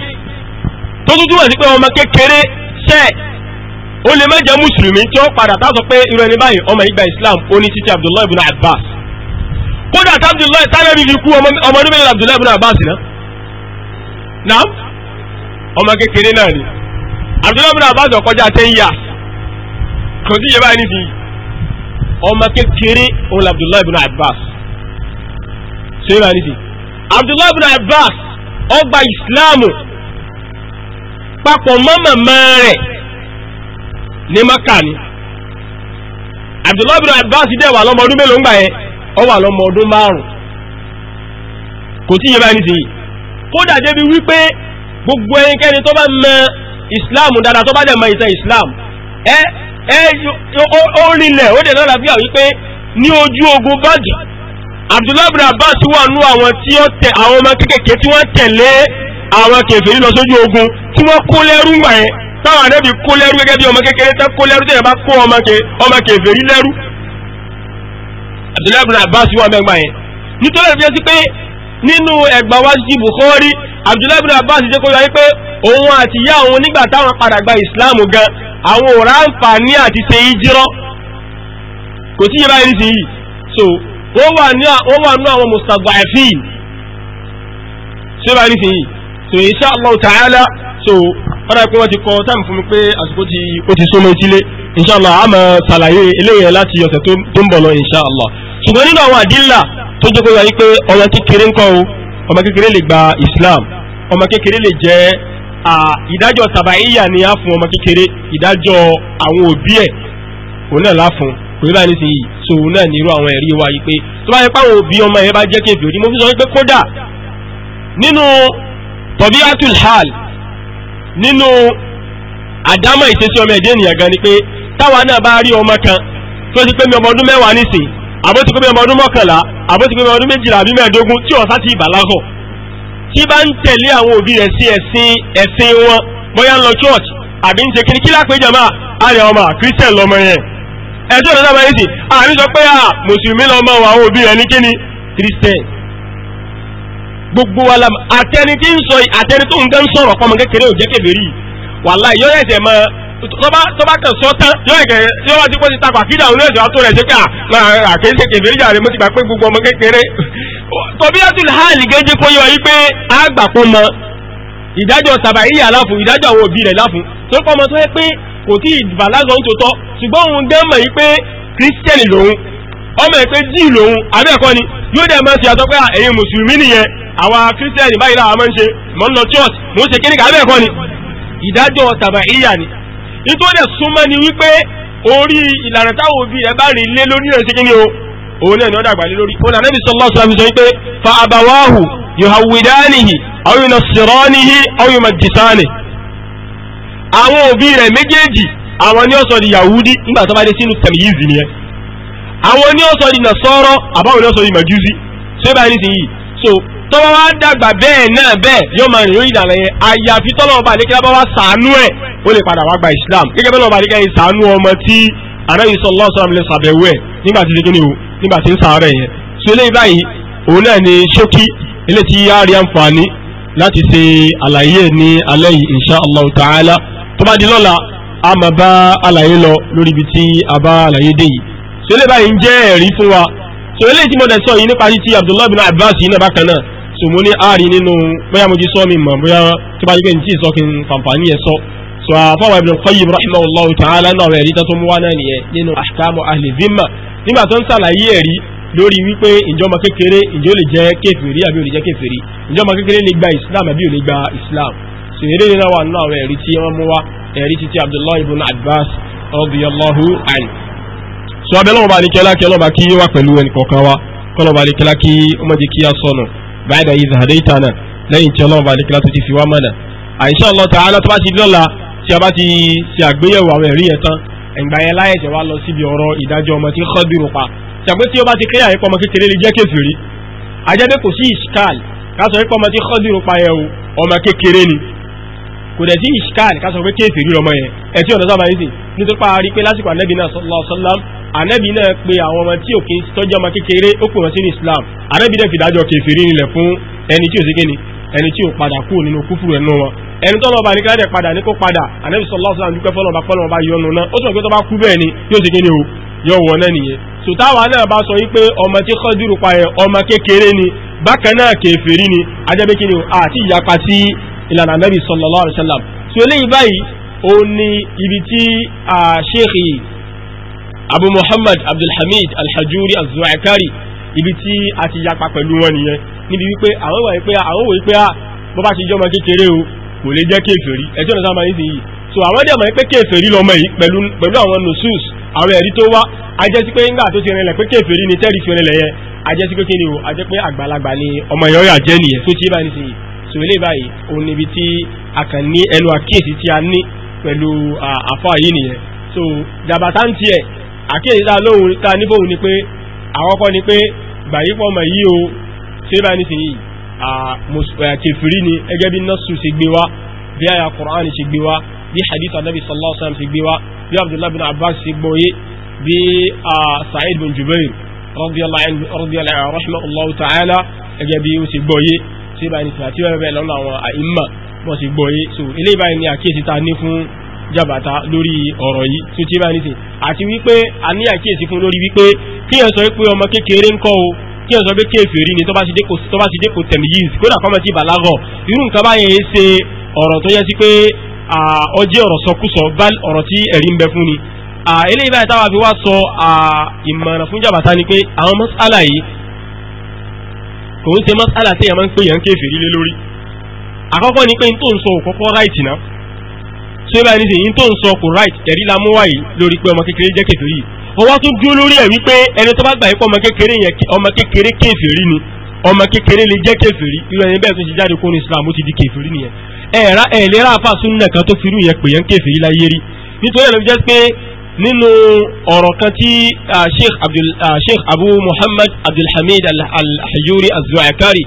tó tún túmọ̀ sí pé ọmọ kékeré sẹ́ẹ̀ ó lè má jẹ́ mùsùlùmí tí ó padà tá a sọ pé irú ẹni báyìí ọmọ ìgbà islam ó ní títí abdullahi ibn abbas kódà tá abdullahi tá lẹ́bi fi kú ọmọ ọdún mélòó abdullahi ibn abbas náà ọmọ kékeré náà ni. Abdullahi bin Abbas ọkọjá ten yà kò sí yẹ báyìí nísìnyí ọmọ kékeré òun Abdullahi bin Abbas ṣé yẹ báyìí nísìnyí Abdullahi bin Abbas ọgbà ìsìláàmù papọ̀ mọ́ màmá rẹ̀ ní Maka ni Abdullahi bin Abbas dẹ̀ wà lọ́mọ ọdún mélòó ń gbà yẹn ọ wà lọ́mọ ọdún márùn-ún kò tí yẹ báyìí nísìnyí kódà débi wípé gbogbo ẹnikẹ́ni tó bá mọ islam dada tó bá dẹ̀ mọ ìtàn islam ẹ ẹ ó rinlẹ̀ ó dẹ̀ lọ́la bí àwọn pé ní ojú ogun báàgì abdullahi bin abbas wà nú àwọn tí ó tẹ àwọn ọmọ kékèké tí wọ́n tẹ̀lé àwọn kèfèrí lọ sójú ogun tí wọ́n kó lẹ́rú gbà yẹn táwọn àdẹ́bí kó lẹ́rú gẹ́gẹ́ bí ọmọ kékeré tẹ́ kó lẹ́rú tẹ́yẹ̀ bá kó bukhari abdullahi bin abbas jẹ́ kó yọ wípé òun àti ìyá òun nígbà táwọn padà gba ìsìláàmù gan àwọn ò ráǹfààní àti ṣe ìjírọ́ kò tí yẹba ẹni sí yìí so wọ́n wà ní àwọn mustad'afin ṣe bá ẹni sí yìí so insha Allah ta'ala so wọ́n dáa pé wọ́n ti kọ táìmù fún mi pé àsìkò tí ó ti súnmọ́ etílé insha a máa ṣàlàyé eléyìí láti ọ̀sẹ̀ tó ń bọ̀ lọ insha Allah ṣùgbọ́n nínú àwọn àdílà tó jẹ́ pé ọmọ kékeré ń kọ́ o ọmọ kékeré lè gba Islam ọmọ kékeré lè jẹ́ ìdájọ́ tàbáyíyà ni a fún ọmọ kékeré ìdájọ́ àwọn òbí ẹ̀ òun náà láfún pé báyìí ní sèyí so òun náà ní irú àwọn ẹ̀rí wa yìí pé tó bá yẹ pé àwọn òbí ọmọ yẹn bá jẹ́ kéfì òní mo fi sọ pé kódà nínú tabiatul hal nínú àdámọ̀ ìṣesí ọmọ ẹ̀dẹ́ ènìyàn gan ni pé táwa náà bá rí ọmọ kan tó ti pé mi ọmọ ọdún mẹ́wàá nísìn àbó ti pé mi ọmọ ọdún mọ́kànlá àbó pé mi ọmọ ọdún méjìlá àbí mẹ́ẹ̀ẹ́dógún tí ọ̀sá ti ìbàlágọ̀ tí bá ń tẹ̀lé àwọn òbí rẹ̀ sí ẹ̀sìn ẹ̀sìn wọn bóyá ń lọ church àbí ń ṣe kí ni kí lápé jàmá àrẹ ọmọ christian lọmọ yẹn ẹjọ́ ìrọ̀lá bá yìí sí àmì sọ pé à mùsùlùmí lọmọ àwọn òbí rẹ̀ ní kí ni christian gbogbo wa lam àtẹni tí ń sọ àtẹni tó ń gán sọ̀rọ̀ pọ́mọ kékeré ò jẹ́ kébèrè wàláì máa tó bá kàn sọ tán yóò ẹ̀kẹ́ yóò wá sí pé ti takò àkídà òun lóòjọ́ tó rẹ̀ ṣe pé àkéṣe kèfèríjà rẹ̀ mo ti gbà pé gbogbo ọmọ kékeré. tọ́bí láti hàlì gẹ́jẹ́ kó yọ yí pé a gbà pọ́ mọ ìdájọ́ sàbàyíyà láfún ìdájọ́ àwọn òbí rẹ̀ láfún tó kọ́ ọmọ tó yẹ pé kò tí ì bàlágọ́ ń tòótọ́ ṣùgbọ́n òun gẹ́ mọ̀ yí pé kírísítẹ́nì lòun ọmọ ẹ̀ pé jíì lòun abẹ́ẹ̀kọ́ ni yóò dẹ̀ máa ṣe àtọ́ pé ẹ̀yin mùsùlùmí nìyẹn àwọn kírísítẹ́nì báyìí láwọn máa ń ṣe mọ́ church mò ń ṣe kíníkà abẹ́ẹ̀kọ́ ni ìdájọ́ tàbàíyà ni nítorí súnmọ́ ni wípé orí ìlànà táwọn òbí rẹ̀ bá rìn lé lórí rẹ̀ sí kí ni o òun náà ni wọ́n dàgbà lé lórí. ó nàbẹ́bí sallallahu alaihi wasallam wípé fa abawahu yuhawidanihi aw yunassiranihi aw yumajjisanihi. àwọn òbí rẹ̀ méjèèjì àwọn ni ó sọ di yahudi nígbà tó bá dé sínú tẹ̀míyìzì nìyẹn. àwọn so tọ́wọ́ wá dàgbà bẹ́ẹ̀ náà bẹ́ẹ̀ yóò máa rìn lórí ìlànà yẹn àyàfi tọ́lọ́wọ́ bá lékẹ́ bá wá sàánú ẹ̀ ó lè padà wá gba Islam gẹ́gẹ́ bẹ́ẹ̀ lọ́wọ́ bá lékẹ́ sàánú ọmọ tí Ànábì sallallahu alaihi wasallam lè sàbẹ̀wò ẹ̀ nígbà tí ṣe nígbà tí ń sàárẹ̀ yẹn so eléyìí báyìí òun náà ni ṣókí eléyìí tí yáa rí àǹfààní láti ṣe àlàyé ní alẹ́ yìí insha Allah ta'ala tó bá di lọ́la a máa bá àlàyé lọ lórí ibi tí a bá àlàyé dé yìí so eléyìí báyìí ń jẹ́ ẹ̀rí fún wa so eléyìí tí mo dẹ̀ sọ yìí nípa ti Abdullahi bin Abbas yìí náà bákan náà so mo ní ààrí nínú bóyá mo ti sọ mi mọ̀ bóyá tó bá yí tí ì sọ kí n fàǹfààní yẹn sọ so àfọwọ́ Ibn Qayyim rahimahullahu ta'ala náà rẹ̀ dídá tó mú wá náà nìyẹn nínú ahkamu ahli nígbà tó ń sàlàyé ẹ̀rí lórí wípé ìjọba kékeré ìjọ lè jẹ́ kéfèrí àbí ò jẹ́ kéfèrí ìjọba kékeré lè gba Islam àbí ò gba Islam so eré nínú àwọn náà rẹ̀ báyìí dàí ìzàdé ìtànà lẹ́yìn tí ọlọ́run bá lè kíláàtú ti fi wá mọ̀nà insha Allah ta'ala tó bá ti lọ́la tí a bá ti ṣe àgbéyẹ̀wò àwọn ẹ̀rí yẹn tán ìgbà yẹn láyẹ̀jẹ̀ wá lọ síbi ọ̀rọ̀ ìdájọ́ ọmọ tí Khadiru pa ṣàpẹ́ tí ó bá ti kílẹ̀ àyípọ̀ ọmọ kékeré lè jẹ́ kèfèrí ajẹ́bẹ́ kò sí ìṣkàl kásọ̀ wípé ọmọ tí Khadiru pa yẹn o ọmọ kékeré ni kò dẹ̀ sí ìṣkàl kásọ̀ wípé kèfèrí ọmọ yẹn ẹ̀ tí ọ̀nà yìí sì nítorí pa àrí pé lásìkò ànẹ́bí náà sallallahu ànábì náà pé àwọn ọmọ tí òkè tọ́jọ́ ọmọ kékeré ó pè wọ́n sínú islam ànábì náà fi dájọ́ kèfèrí nílẹ̀ fún ẹni tí ò sí kéni ẹni tí ò padà kú nínú kúfùrù ẹnu wọn ẹni tọ́lọ́ ọba nìkan dẹ̀ padà ní kó padà ànábì sallallahu alaihi wasallam dúpẹ́ fọlọ́ba fọlọ́ba yọnu náà ó sọ pé tó bá kú bẹ́ẹ̀ ni yóò sí kéni o yọ wọ̀ náà nìyẹn so táwa náà bá sọ wípé ọmọ tí kọ́dúrú pa yẹn ọmọ kékeré ni bákan náà kèfèrí ni ajẹ́bí kí ni o àti ìyapa sí ìlànà ànábì sallallahu alaihi wasallam so eléyìí báyìí ó ní ibi tí sheikh abu muhammad abdulhamid alhajuri azuwaikari ibi tí a ti yapa pẹ̀lú wọn nìyẹn níbi wípé àwọn wà wípé àwọn wò wípé ah, bó bá ti jẹ́ ọmọ kékeré o kò lè jẹ́ kéfèrí ẹjọ́ náà sáà máa ń sìn yìí so àwọn dẹ̀ mọ̀ pé kéfèrí lọmọ yìí pẹ̀lú àwọn nusus àwọn ẹ̀rí tó wá ajẹ́sí pé ńgbà tó ti rìnlẹ̀ pé kéfèrí ni tẹ́rì fi rìnlẹ̀ yẹn ajẹ́sí pé kí ni o ajẹ́ pé àgbàlagbà ni ọmọ yẹn ó yà jẹ́ nìyẹn tó ti so ilé báyìí àkíyèsíta lóhun ta níbòhun ni pé àkọ́kọ́ ni pé gbàyípọ̀ mọ̀ yí o ṣe bá ní sí yìí ni ẹgẹ́ bí nọ́sù ṣe gbé wá bí àyà Kùránì ṣe gbé wá bí hadith anabi sallallahu alaihi ṣe gbé wá bí Abdullah bin Abbas ṣe gbọ́yé bí Sa'id bin Jubair radiyallahu rahimahullahu ta'ala ẹgẹ́ bí ó ṣe gbọ́yé ṣe bá ní sí àti bẹ́ẹ̀ bẹ́ẹ̀ lọ́nà àwọn àìmọ̀ bọ́ ṣe ni àkíyèsíta ní jabata lórí ọ̀rọ̀ yìí tó ti bá nìsín àti wípé a ní àkíyèsí fún lórí wípé kí ẹ sọ pé ọmọ kékeré ń kọ́ o kí ẹ sọ pé kéfèrí ni tó bá ti dé kò tẹ̀mí yìí kódà kọ́mọ ti bàlágọ̀ irú nǹkan báyẹn ń ṣe ọ̀rọ̀ tó yẹ sí pé ọjẹ́ ọ̀rọ̀ sọkúsọ bá ọ̀rọ̀ tí ẹ̀rí ń bẹ fún ni eléyìí báyìí táwa fi wá sọ ìmọ̀ràn fún so ibà ní sèyí tó ń sọ kò right ẹ̀rí la mú wáyé lórí pé ọmọ kékeré jẹ́ kèfèrí ọwọ́ tún dúró lórí ẹ̀ wípé ẹni tó bá gbà yí pé ọmọ kékeré yẹn ọmọ kékeré kèfèrí ni ọmọ kékeré lè jẹ́ kèfèrí irú ẹni bẹ́ẹ̀ tó ṣe jáde kó ní Islam ó ti di kèfèrí nìyẹn ẹ̀ẹ́ra ẹ̀ẹ́lẹ́ra àfàsùn nìkan tó fi irú yẹn pè yẹn kèfèrí láyé rí nítorí ẹ̀rọ jẹ́ pé nínú ọ̀rọ̀ kan tí sheikh abu muhammad abdulhamid al-hajuri az-zu'akari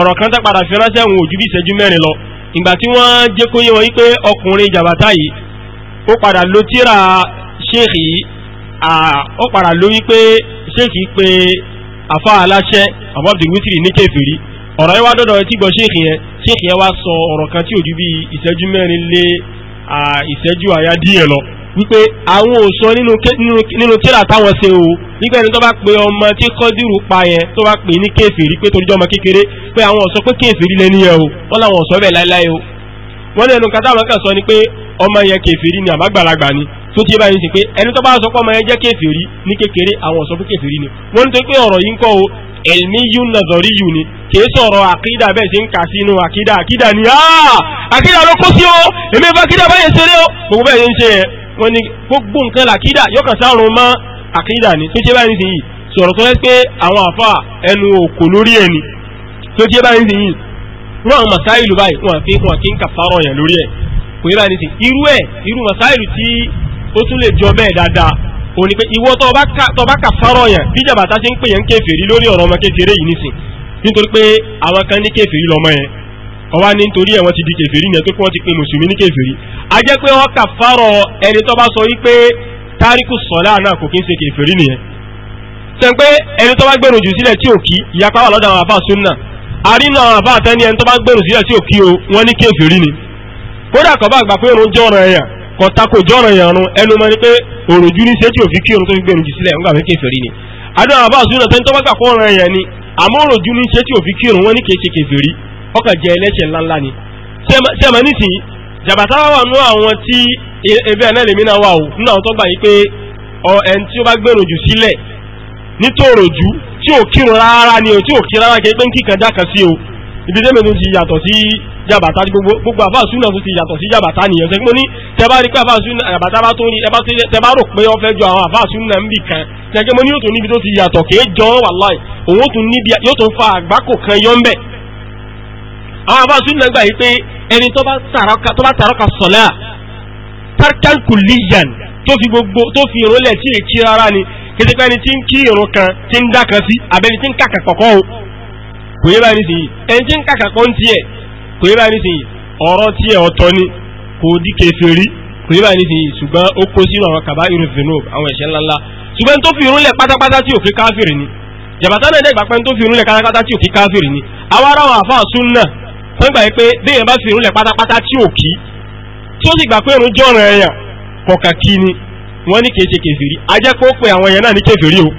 ọ̀rọ̀ kan tó padà fi ránṣẹ́ àwọn òjú bí ìṣẹ́jú mẹ́rin lọ ìgbà tí wọ́n jẹ́ kó yé wọn wípé ọkùnrin jàbátá yìí ó padà ló tíra ṣéèkì yìí ó padà ló wípé ṣéèkì pé àfa aláṣẹ àbọ̀dì wítìrì ní kẹfìrí ọ̀rọ̀ yẹn wá dọ́dọ̀ tí gbọ́ ṣéèkì yẹn ṣéèkì yẹn wá sọ ọ̀rọ̀ kan tí ò ju ìṣẹ́jú mẹ́rin lé ìṣẹ́jú àyá díẹ̀ lọ wípé àwọn òsọ nínú tíra táwọn ṣe o nígbà ẹni tó bá pe ọmọ tí kọ́dúrú pa yẹn tó bá pè ní kéfèrí pé torí ọmọ kékeré pé àwọn òsọ pé kéfèrí lẹ́ni yẹn o wọ́n láwọn òsọ bẹ̀ láéláé o wọ́n lẹ́nu kátà àwọn kan sọ ni pé ọmọ yẹn kéfèrí ni àbágbàlagbà ni tó ti báyìí sí pé ẹni tó bá sọ pé ọmọ yẹn jẹ́ kéfèrí ní kékeré àwọn òsọ pé kéfèrí ni wọ́n nítorí pé ọ̀rọ̀ yìí ń kọ́ o ẹ̀lmí yún nàzọ̀rí yù ni kìí sọ̀rọ̀ àkídà bẹ́ẹ̀ sí ń kà sínú àkídà àkídà ni àà àkídà ló kó sí o èmi bá àkídà báyẹn ṣeré o gbogbo bẹ́ẹ̀ ṣe ń ṣe yẹn wọ́n ní gbogbo nǹkan làkídà yóò kàn mọ́ àkídà ni tó jẹ́ báyìí nìyí sọ̀rọ̀ tó yẹ pé àwọn àfa ẹnu òkò lórí ẹni tó jẹ́ báyìí nìyí wọ́n àwọn masáìlú báyìí wọ́n àfi wọn kí ń kà fárọ̀ yẹn lórí ẹ̀ kò yẹ báyìí nìyí irú ẹ̀ irú masáìlú tí ó tún lè jọ bẹ́ẹ̀ dáadáa òní pé ìwọ tó bá kà fárọ̀ yẹn bí jàbàtà ṣe ń pè yẹn kéferì lórí ọ̀rọ̀ ọmọ kékeré yìí nísìn nítorí pé àwọn kan ní kéferì lọ́mọ yẹn ọwá ní nítorí ẹ̀ wọ́n ti di kèfèrí yẹn tó kí wọ́n ti pe mùsùlùmí ní kèfèrí a jẹ́ pé wọ́n kà fárọ̀ ẹni tó bá sọ wípé táríkù sọ̀lá náà kò kí ń ṣe kèfèrí nìyẹn ṣe pé ẹni tó bá gbèrò jù sílẹ̀ tí ò kí ìyapa wà lọ́dọ̀ àwọn àbá súnà àrínà àwọn àbá àtẹ́ni ẹni tó bá gbèrò sílẹ̀ tí ò kí o wọ́n ní kèfèrí ni kódà kọ́ bá gbà pé òun jẹ́ ọ̀ràn ẹ̀yà kọ̀tàkò jọ́ràn ẹ̀yà run ẹnu mọ́ ni pé òròjú ní ṣé tí ò fi kí òun tó fi gbèrò jù sílẹ̀ ń gbà pé kèfèrí ni àdó àwọn àbá súnà tẹ́ni tó bá gbà pé ọ̀ràn ẹ̀yà ni àmọ́ òròjú ní ṣé tí kí òun wọ́n ní kèé ọkàn jẹ ẹlẹ́ṣẹ̀ ńláńlá ni ṣé ẹ̀mọ́ nísìnyí jàbàtà wà nú àwọn tí ebe ẹ̀nà lèmi náà wà ó nínú àwọn tó gbà yí pé ẹn tí ó bá gbèrò jù sílẹ̀ nítòrò jù tí ò kírun rárá ni o tí ò kí rárá kí pé ń kíkan dáka sí o ibi tẹ́mi tó ti yàtọ̀ sí jàbàtà gbogbo àfáàsù náà tó ti yàtọ̀ sí jàbàtà nìyẹn ṣe pé mo ní tẹ bá rí pé àfáàsù jàbàtà bá tó ní tẹ bá rò pé ó fẹ́ ju àwọn àfáàsù náà ń bì kan ṣe mo ní yóò tún níbi tó ti yàtọ̀ kéé wàláì òun yóò tún fa àgbákò kan yọ́ ń bẹ̀ àwọn àbá sunna gbà yìí pé ẹni tó bá tàrọ́ka sọ̀lá tarkan kulliyan tó fi gbogbo tó fi irun lẹ̀ tí èkí rárá ni kété pé ẹni tí ń kí irun kan tí ń dákan sí abẹ́ni tí ń kàkà kọ̀kọ́ o kò yé báyìí nísìnyí ẹni tí ń kàkà kọ́ ń tiẹ̀ kò yé báyìí nísìnyí ọ̀rọ̀ tiẹ̀ ọ̀tọ̀ ni kò di kèfèrí kò yé báyìí nísìnyí ṣùgbọ́n ó kó sínú àwọn kàbá irun zinu àwọn ẹ̀ṣẹ̀ ńláńlá ṣùgbọ́n tó fi irun lẹ̀ pátápátá tí òfin káfíìrì ni jàbátá náà tó fi irun lẹ̀ káfíìrì ni àwa ara àwọn àfa sunna wọ́n gbà pé déèyàn bá sì rúnlẹ̀ pátápátá tí ò kí tí ó sì gbà pé òun jọ̀ràn ẹ̀yàn kọ̀ọ̀kà kí ni wọ́n ní kèéṣe kèfèrí ajẹ́ pé pe àwọn èèyàn náà ní kèfèrí o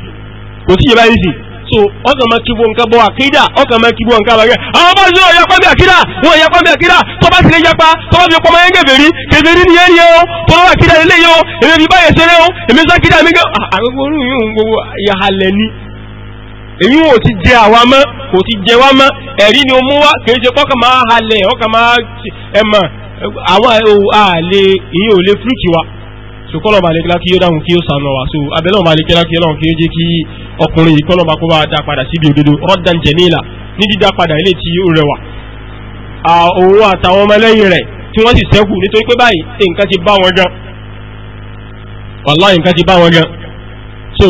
kò sí yẹ báyìí sì so ọkàn máa kíbo nǹkan bọ àkídà ọkàn máa kíbo nǹkan àbàgẹ́ àwọn bá sọ ìyapa bí àkídà wọn ìyapa bí àkídà tó bá tilẹ̀ yapa tó bá fi pọmọ yẹn kèfèrí kèfèrí ni yẹn ni yẹn o tó bá àkídà lélẹ́yìn o èmi fi báyẹn ṣeré o èmi sọ àkídà mi gẹ́ ah, àgbègbè yìí ń gbogbo ìyàhálẹ̀ ni èyí ò ti jẹ àwa mọ́ kò ti jẹ wá mọ́ ẹ̀rí ni o mú wá kìí ṣe kọ́kàn máa halẹ̀ ọkàn máa ẹ̀mọ̀ àwọn àlè ìyí ò lè fúrùkì wa so kọ́lọ̀ bá lè kílá kí ó dáhùn kí ó sànà wa so abẹ́lẹ̀ bá lè kílá kí ó kí ó jẹ́ kí ọkùnrin yìí kọ́lọ̀ bá kó bá dá padà síbi òdodo rọ́dàn jẹ̀míìlà ní dídá padà ilé tí ó rẹwà òun àtàwọn ọmọlẹ́yìn rẹ̀ tí wọ́n sì sẹ́kù nítorí pé báyìí nǹkan ti bá wọn gan wàláì nǹkan ti bá wọn gan so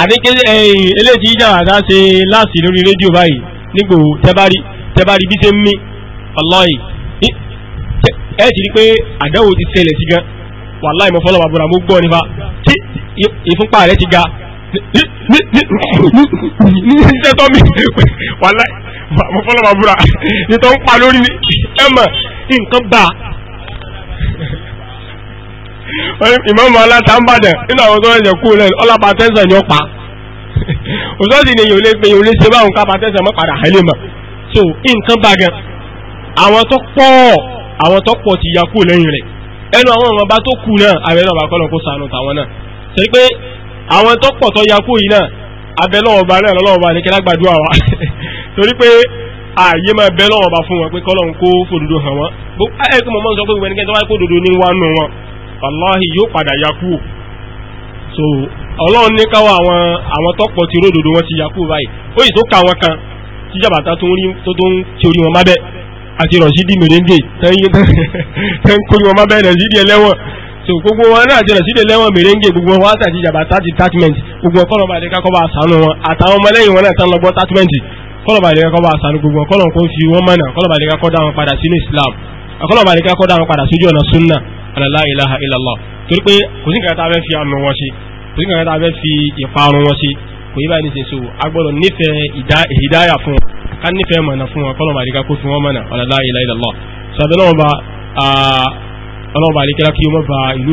àdékélé ẹ̀yìn eh, eléjì ìjàwàdá ṣe láti lórí rédíò báyìí nígbò tẹ́bárí tẹ́bárí bí ṣe ń mí ọlọ́yìn ẹ ti rí pé àdáwò ti ṣẹlẹ̀ sí gan wàláì mọ́ fọ́lọ́ bàbúrà mo gbọ́ nípa tí ìfúnpá rẹ̀ ti ga ní iṣẹ́ tó mi wàláì mo fọ́lọ́ bàbúrà ní tó ń pa lórí ẹ̀mọ̀ nǹkan bá a ìmọ̀mù aláta ń bàdàn nínú àwọn tó ń jẹ kú lẹ́nu ọlọ́pàá tẹ́sán ni ó pa òṣòṣì ni yòlé pé yòlé ṣe báwọn kápá tẹ́sán mọ́ padà hẹ́lẹ́ mọ̀ so nǹkan bá gan àwọn tó pọ̀ àwọn tó pọ̀ ti ya kú lẹ́yìn rẹ̀ ẹnu àwọn ọmọ bá tó kú náà àbẹ̀ náà bá kọ́ lọ kó sànù tàwọn náà ṣe pé àwọn tó pọ̀ tó ya kú yìí náà abẹ́ lọ́wọ́ bá náà lọ́wọ́ bá ní kẹ́lá gbàdúrà wa torí pé ààyè máa bẹ́ lọ́wọ́ bá fún wọn pé kọ́lọ́n kó fòdodo hàn wọn ẹ̀ kí mo mọ́ sọ pé gbẹ̀nìkẹ́ tó wáyé kó dodo ní wánú wọn wàláhì yóò padà yakú so ọlọ́run ní káwọ́ àwọn àwọn tọ́pọ̀ ti ródòdó wọn ti yakú báyìí ó yìí tó ka àwọn kan tí jàbàtà tó ń ti orí wọn má bẹ́ẹ̀ àti rọ̀sídìí mèrèǹgè tẹ́ ń kórí wọn má bẹ́ẹ̀ rọ̀sídìí ẹlẹ́wọ̀n so gbogbo wọn náà jẹ́ rọ̀sídìí ẹlẹ́wọn mèrèǹgè gbogbo wọn àtàtì jàbàtà ti tátímẹ̀ntì gbogbo ọkọ̀rọ̀ bàdé kákọ́ bá sànù wọn àtàwọn ọmọlẹ́yìn wọn náà tán lọ́gbọ́ tátímẹ̀ntì kọlọba àdìgá kọ bá àṣàánú gbogbo wọn kọlọ̀ kó fi wọ́n mọ̀nà kọlọba àdìgá kọ dá padà sínú Islam kọlọba àdìgá kọ dá wọn padà sójú ọ̀nà sunna ala la ilaha illallah torí pé kò sí nǹkan tá a fẹ́ fi àánú wọn ṣe kò sí nǹkan tá a fẹ́ fi ìparun wọn ṣe kò yí báyìí nìṣẹ́ so a gbọ́dọ̀ nífẹ̀ẹ́ ìdáyà fún wọn ká nífẹ̀ẹ́ mọ̀nà fún wọn kọ́lọ̀ màdìgá kó fi wọ́n mọ̀nà ala la ilaha illallah sàbẹ̀ náà bá ọlọ́ọ̀bà àlekẹ́lá kí wọ́n ba ìlú